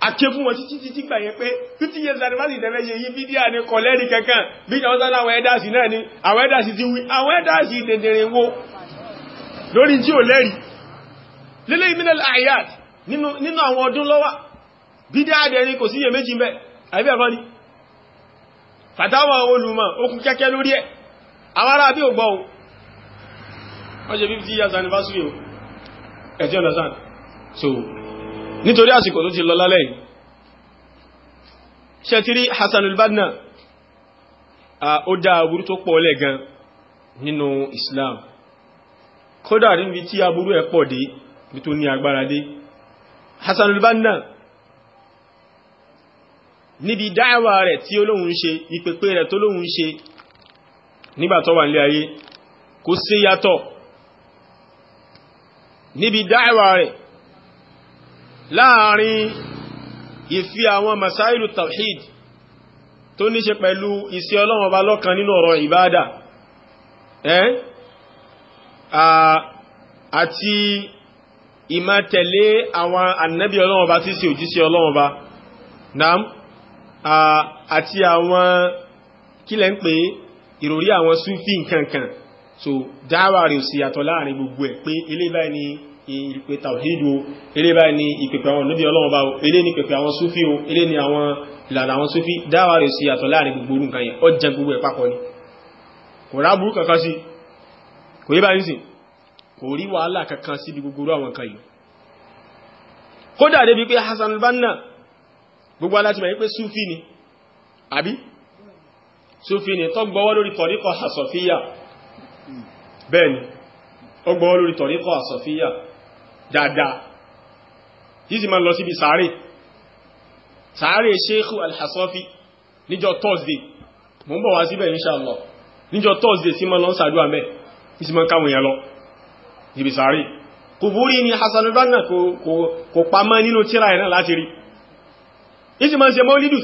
àti fún wọn títí títí gbà yẹn pé 50 years anniversary tẹ́lẹ̀ yẹ yí bídíà ní kọlẹ́rì kankan bí i ọ̀sán àwọn ẹ́dàsì náà ni àwọn ẹ́dàsì ti wí àwọn ẹ́dàsì dẹ̀dẹ̀rẹ̀ wo lórí tí ò lẹ́rì lílé ìmìnà àyàt nínú àwọn ọdún lọ́wà bídíà dẹ̀rin kò sí iye méjì mẹ́ àbí ẹ̀kọ́ ni fàtàwà olùmọ̀ okùn kẹ́kẹ́ lórí ẹ̀ àwọn ará bí ò gbọ́ o wọ́n ṣe 50 years anniversary o ẹ̀tí ọ̀dọ̀sán so nítorí àsìkò tó ti lọ lálẹ́ ṣẹtírí Hassan al a ó dá aburú tó pọ̀ lẹ́gan nínú Islam kódà níbi tí aburú ẹ̀ pọ̀ dé bí tó ní agbára dé Hassan al-Banna níbi dáẹ̀wà rẹ̀ tí olóhun ṣe ìpèpè rẹ̀ tó lóhun ṣe nígbà wà nílé ayé kò sí yàtọ̀ níbi dáẹ̀wà rẹ̀ láàrin ìfi àwọn masáìlù tawhid tó ní ṣe pẹ̀lú ìsí Ọlọ́run Ọba lọ́kan nínú ọ̀rọ̀ ìbádà ẹ́n àti ìmá tẹ̀lé àwọn annabi Ọlọ́run Ọba tí sí òjíṣẹ́ Ọlọ́run Ọba àti àwọn kílẹ̀ ń pè ìròrí àwọn súfí nkankan so dáwà rẹ̀ ò sí yàtọ̀ láàrin gbogbo ẹ̀ pé ilé báyìí ni ìpè tàwídò ilé báyìí ni ìpèpè àwọn olóbi ọlọ́wọ́n bá o ilé ni pèpè àwọn súfí o ilé ni àwọn ìlànà àwọn súfí dáwà rẹ̀ ò sí láàrin gbogbo nǹkan yẹn ó jẹ ni kò ráburú kankan sí kò yí báyìí sí kò rí wàhálà kankan síbi gbogbo àwọn nǹkan yìí kódà débi pé Hassan al-Banna gbogbo aláti mọ̀ pé súfí ni àbí súfí ni tó gbọ́wọ́ lórí tọ̀ríkọ̀ hasọ̀fíyà bẹ́ẹ̀ni ó gbọ́ lórí tọ̀ríkọ̀ àsọ̀fíyà dáadáa yìí sì máa lọ síbi sàárè sàárè sheikhu alhassofi níjọ thursday mo ń bọ̀ wá síbẹ̀ inṣàlọ́ níjọ thursday sí máa lọ ń sàdúwà mẹ́ ní sí máa káwọn èèyàn lọ níbi sàárè kùbúrí ni Hassan al-Banna kò pamọ́ nínú tíra ẹ̀ náà láti rí yìí sì máa ń ṣe mọ́lídù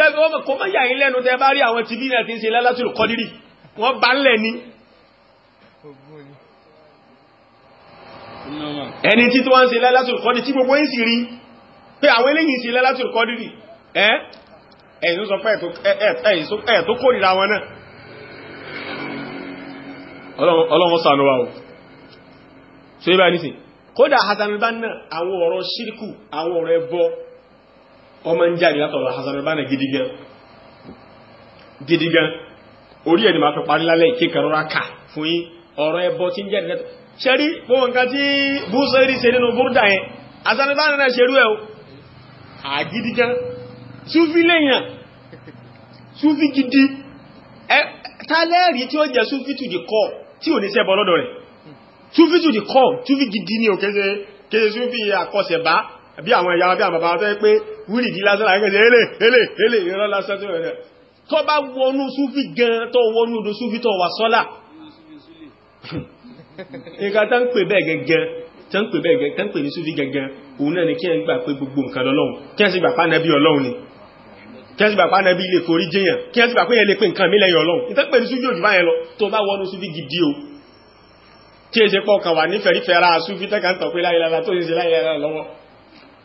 tẹ́fẹ́ ọmọ kò mọ́ yà yín lẹ́nu tẹ́ bá rí àwọn tv náà ti ń ṣe lálátùlù kọ́dírì wọ́n bá ń lẹ̀ ní ẹni tí tó wá ń ṣe lálátùlù kọ́dírì tí gbogbo yín sì rí pé àwọn eléyìí ṣe lálátùlù kọ́dírì ẹ́ ẹ̀yìn sọ pé ẹ̀ tó kórìíra wọn náà ọlọ́run ṣàánú wa o ṣe é ní sí kódà Hasan al-Banna àwọn ọ̀rọ̀ ṣíríkù àwọn ọ̀rọ̀ ẹbọ ọmọ ń jáde látọ̀rọ̀ Hassanubana gidigan gidigan orí ẹni máa fi parí lálẹ́ ìkékarọ́ra kà fún yí ọ̀rọ̀ ẹbọ tí ń jáde látọ̀ ṣẹ́rí gbogbo nǹkan tí búsẹ́rí ṣe nínú búrúdà yẹn Hassanubana náà ṣerú ẹ̀ o àgidigan súfí lèyàn súfí gidi tálẹ́ẹ̀rí tí ó jẹ́ súfí tù di kọ́ tí ò ní sẹ́bọ̀ lọ́dọ̀ rẹ̀ súfí tù dì kọ́ súfí gidi ni ò kése súfí àkọsẹ̀bá bí àwọn ìyá bí àwọn bàbá tó yẹ pé wíìdì lásán àgbẹ̀sẹ̀ elé elé elé ìran lásán tó rẹ̀ tó bá wọnú súfì gan tó wọnú odò súfì tó wà sọ́lá nǹkan tán pè bẹ́ẹ̀ gẹ́gẹ́ tán pè bẹ́ẹ̀ gẹ́gẹ́ tán pè ní súfì gẹ́gẹ́ òun náà ni kí ẹ gbà pé gbogbo nǹkan lọ́lọ́run kí ẹ sì gbà pánẹ́bí ọlọ́run ni kí ẹ sì gbà pánẹ́bí ilé forí jẹyàn kí ẹ sì gbà yẹn lè pé nǹkan mi lẹ́yìn ọlọ́run ìtàn ní súfì òjò báyẹn lọ tó bá wọnú súfì gidi o tí ẹ pọ̀ kan wà nífẹ̀ẹ́rífẹ́ ara súfì tẹ́kàn pé láyé lára tó ṣe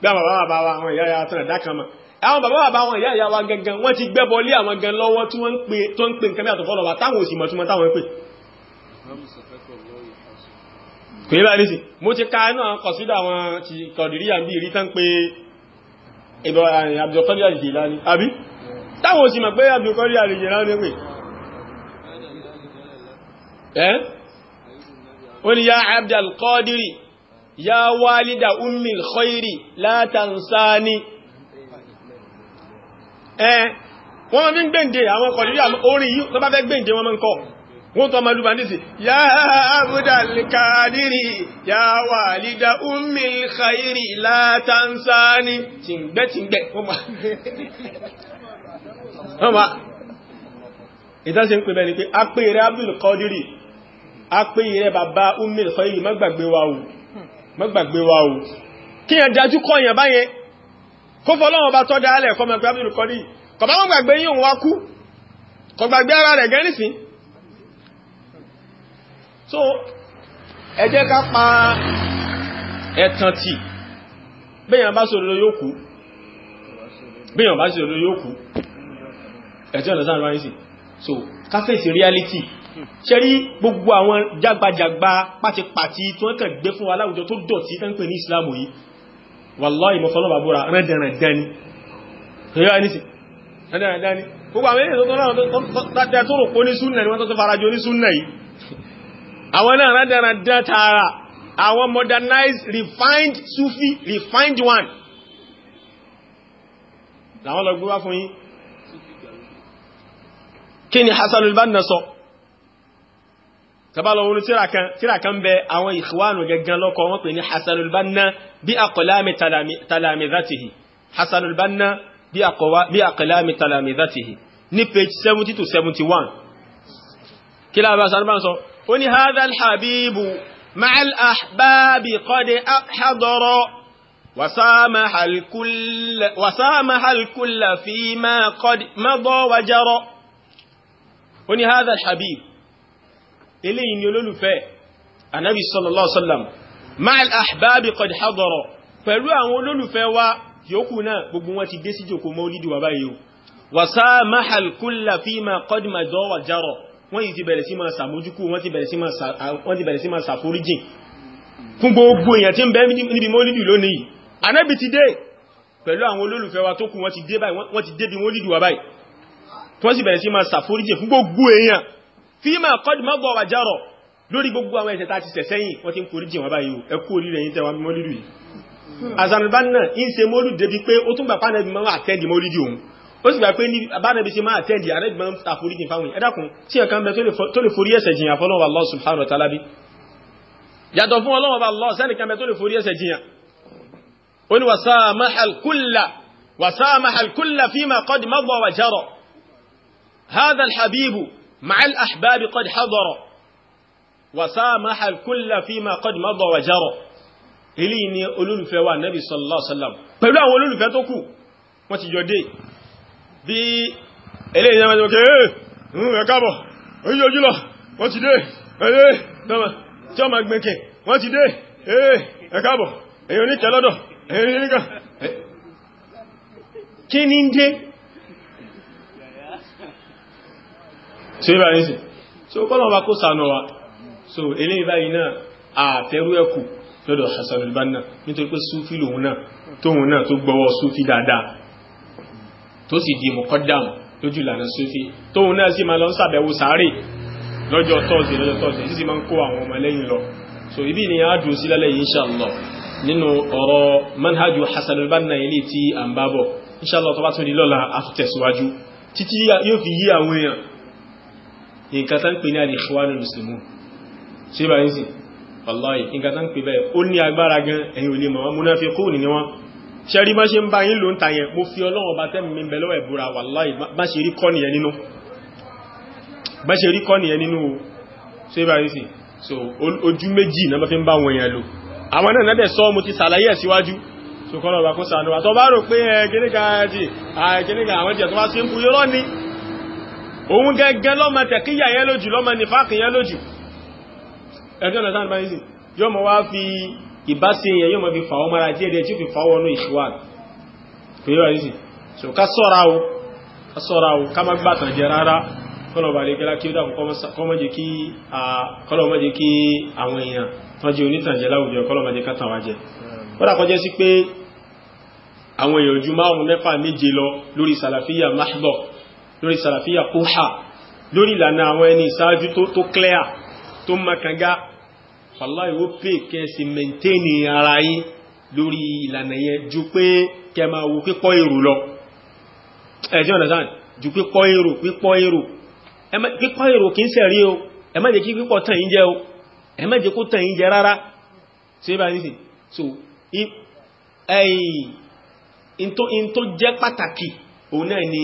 gbá bàbá bàbá wa àwọn ìyá ya tán ẹ̀dá kan mọ̀ àwọn bàbá bàbá àwọn ìyá ìyá wa gangan wọ́n ti gbẹ́bọ lé àwọn gan lọ́wọ́ tí wọ́n ń pè tó ń pè nǹkan bí àtọ̀fọ́ lọ́wọ́ táwọn òsì mọ̀ túmọ̀ táwọn ń pè kò yíba ní sí mo ti ka inú àwọn kọ̀sídà àwọn ti kọ̀dìríyà bí ìrí tán pé eh, Abdulkadir Al-Jilani àbí táwọn òsì mọ̀ pé Abdulkadir Al-Jilani pè ẹ́ eh? ó ní yá Abdulkadir ya walida ummil khairi la tansani eh wọ́n mi gbende àwọn ko ri orin yìí tó bá fẹ́ gbende wọ́n mo nko wọ́n tó ma lu bandisi ya abdal kadiri ya walida ummil khairi la tansani tingbe tingbe o ma o ma ìtàn ṣe ń pè bẹ́ẹ̀ ni pé a pè rẹ̀ abdul kadiri a pè rẹ̀ khairi má gbàgbé wa o mọ́gbàgbé wa o kí yẹn dájú kọ́ yẹn báyẹn kó fọ́lọ́wọ́ bá tọ́ dáálẹ̀ kọ́ mọ̀ pé Abdul Qadir kọ̀ bá wọ́n gbàgbé yíò wá kú kọ̀ gbàgbé ara rẹ̀ gẹ́ nìsín so ẹ jẹ́ ká pa ẹ̀tàn tì bẹ́yàn bá sọ̀rọ̀ yóò kú bẹ́yàn bá sọ̀rọ̀ yóò kú ẹ̀tàn lọ́sàn-án so ká fèsì reality ṣe rí gbogbo àwọn jágbajàgba pátipàti tí wọ́n kàn gbé fún wa láwùjọ tó dọ̀tí tán pè ní ìsìlámù yìí wàláhì ìmọ̀fọ́lọ́bà búra rẹ́dẹ̀rẹ̀dẹ́ni gbogbo àwọn ènìyàn tó tọ́lá tó rò pó ní súnnà ni wọ́n tó tó farajọ ní súnnà yìí àwọn náà rẹ́dẹ̀rẹ̀dẹ́ tààrà àwọn modernized refined Sufi refined one làwọn lọ gbé wá fún yín kí ni Hassan al-Banna sọ tabalo wọn tírà kan tírà kan bẹ àwọn ikhwanu gangan lọkọ wọn pè ní hasanul banna bí aqlami talamidhatihi hasanul banna bí aqlami talamidhatihi ní page seventy to seventy one kí lábẹ́ hasanul banna sọ ó ní hadha alhabibu ma'al ahbabi qad hadara وسامح الكل وسامح الكل فيما قد مضى وجرى وني هذا الحبيب eléyìí ni olólùfẹ́ anabi sallallahu alaihi wasallam ma'al ahbabi qad hadara pẹ̀lú àwọn olólùfẹ́ wa yòókù náà gbogbo wọn ti dé sí jòkó mọ́lídì wà báyìí o wasamaha al-kulla fima qad madha wa jara wọ́n yìí ti bẹ̀rẹ̀ sí máa sàmójúkú wọ́n ti bẹ̀rẹ̀ sí máa sàforíjìn fún gbogbo èèyàn tí ń bẹ níbi mọ́lídì lónìí anábì ti dé pẹ̀lú àwọn olólùfẹ́ wa tó kù wọ́n ti dé bí mọ́lídì wà báyìí tí wọ́n sì bẹ̀rẹ̀ sí máa sàforíjìn fún gbogbo èèyàn fíìmà kọ́dì mọ́gbọ̀ wà járọ̀ lórí gbogbo àwọn ẹ̀ṣẹ̀ tá ti ṣẹ̀ sẹ́yìn wọ́n ti ń forí jìn wọ́n báyìí ẹ kú oríire yín tẹ́wàá mọ́lúdù yìí azanubani náà ń ṣe mọ́lúdù débi pé ó tún gbà pánẹ́bì máa àtẹ́ndì mọ́lúdù òun ó sì gbà pé ní abánẹ́bì ṣe máa àtẹ́ndì àrẹ́bì máa ń ta forí jìn fáwọn ẹ̀dàkùn tí ẹ̀kan bẹ bẹ tó lè forí ẹ̀ṣẹ̀ jìyàn ó ní wasamahal مع الأحباب قد حضر وسامح الكل فيما قد مضى وجرى eléyìí ni olólùfẹ́ wa nẹ́bí sallallahu alaihi wasallam pẹ̀lú àwọn olólùfẹ́ tó kù wọ́n ti jọdé bí eléyìí náà mẹ́jọ kéré ẹ̀ káàbọ̀ oríṣojú lọ wọ́n ti dé ẹ̀yẹ́ tí ó ma gbẹ̀kẹ̀ wọ́n ti dé ẹ̀ káàbọ̀ èyàn ní kẹlọ́dọ̀ èyàn ní tí ó bá ní sí tí ó kọ́lọ̀ wa kó sànà wa so eléyìí báyìí náà àtẹ́rú ẹ̀kù lọ́dọ̀ Hassan al-Banna nítorí pé súfí lòun náà tóun náà tó gbọ́wọ́ súfí dáadáa tó sì di mọ̀kọ́dàmù lójú ìlànà súfí tóun náà sì máa lọ sàbẹ̀wò sáré lọ́jọ́ tọ́sí lọ́jọ́ tọ́sí sí máa ń kó àwọn ọmọ lẹ́yìn lọ so ibi ni a dùn sí lálẹ́ yìí inshallah nínú ọ̀rọ̀ manhajú Hassan al-Banna ilé tí à ń bábọ̀ inshallah tó bá tún di lọ́la a títí yóò fi yí àwọn èèyàn nǹkan tán pè ní al-ikhwanul muslimun ṣe bá ń sìn wallahi nǹkan tán pè bẹ́ẹ̀ ó ní agbára gan ẹ̀yin ò lè mọ̀ wọn munafiqun ni wọ́n ṣe rí bá ṣe ń bá yín ló ń ta yẹn mo fi ọlọ́wọ́ bá tẹ́mi mi bẹ̀ lọ́wọ́ ìbúra wallahi bá ṣe rí kọ́ nìyẹn nínú rò pé ẹ̀ eh, kíníkà ah, àwọn jẹ̀ tó bá sí ń kú yọ́rọ́ ni òun gẹ́gẹ́ lọ́mọ tẹ̀kíyà yẹn lójú lọ́mọ nìfàkì yẹn lójú ẹjọ́ na sáàdì báyìí yóò mọ̀ wá fi ìbáṣe yẹn yóò mọ̀ fi fàwọ́ mara díẹ̀ díẹ̀ tí ó fi fàwọ́ ní ìṣúwà so ká sọ́ra o ká sọ́ra o ká má gbàtàn jẹ rárá kọlọ̀bà lè gẹ́lá kí ó dàkù kọlọ̀mọ́jẹ kí àwọn èèyàn tán jẹ onítànjẹ láwùjọ kọlọ̀mọ́jẹ kátàwàjẹ wọ́n dàkọjẹ́ sí pé àwọn èèyàn ojú márùn-ún mẹ́fà méje lọ lórí sàlàfíyà mahdo lórí sàlàfíà kóhà lórí ìlànà àwọn ẹni ìsáájú tó clear tó makanga wàláhì ó pè kẹsì mẹ́ntẹ́nì ara yín lórí ìlànà yẹn ju pé kẹ máa wo pípọ́ èrò lọ ẹ̀jẹ̀ ọ̀nà sáà ju pípọ́ èrò pípọ́ èrò pípọ́ èrò kìí sẹ̀rí o ẹ má jẹ́ kí pípọ̀ tàn yín jẹ o ẹ má jẹ́ kó tàn yín jẹ rárá ṣe bá so ẹ̀yìn in tó jẹ́ pàtàkì òun náà ni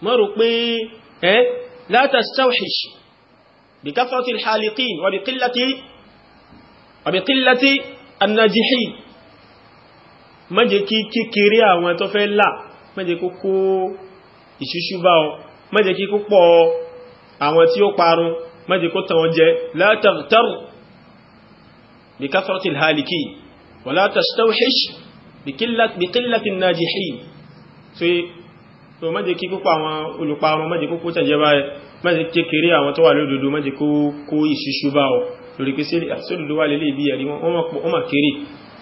má rò pé ẹ́ la tastawhish bi kathrati al-haliqin wa bi qillati wa bi qillati an-najihin má jẹ́ kí kékeré àwọn tó fẹ́ là má jẹ́ kó kó bá ọ má jẹ́ kí púpọ̀ àwọn tí ó parun má kó tàn jẹ la taghtaru bi kathrati al-haliqin wa la tastawhish so mẹ́jẹ kí púpọ̀ àwọn olùparun mẹ́jẹ kó kó tẹ̀jẹ́ báyẹ mẹ́jẹ kékeré àwọn tó wà lódodo mẹ́jẹ kó kó ìṣíṣú bá ọ lórí pé sódodo wà lélẹ̀ ibi ẹ̀rí wọ́n mà kéré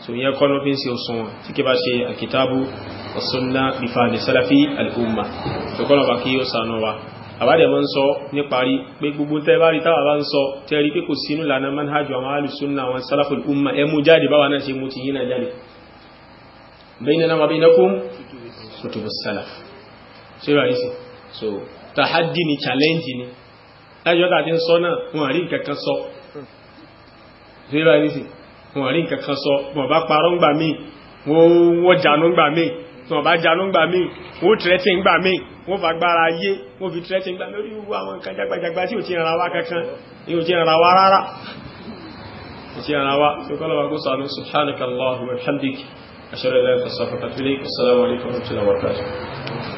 so ìyẹn kọ́ náà fi ń ṣe òsùn wọn tí kí bá ṣe alkitabu ọ̀sọ́nà ìfàdé sálàfí al'umma tó kọ́ náà kí ó sànú wa àbádẹ̀ mọ́ ń sọ níparí pé gbogbo tẹ́ bá rí táwà bá ń sọ tẹ́ rí al'umma ẹ mú jáde báwa náà ṣe mú ti yínà kutubu sálàfù síra ìsìn so tàhádì ni challenge ni lájọ́ tàbí ń sọ náà wọn àrí nǹkankan sọ síra ìsìn wọn àrí nǹkankan sọ wọn bá parọ́ ńgbà míì wọ́n jànú ńgbà míì wọn bá jànú ńgbà míì wọ́n tẹ̀rẹ́tì ńgbà míì wọ́n fagbára ayé wọ́n fi tẹ̀rẹ́tì ńgbà míì wọ́n àwọn nǹkan jagbajagba tí ò ti ràn wá kankan ò ti ràn wá rárá ò ti ràn wá tó kọ́lọ́wà kó sànú subhanaka Allahumma wa bihamdik ashhadu an la ilaha illa anta astaghfiruka wa atubu ilaik assalamu alaikum wa rahmatullahi wa barakatuh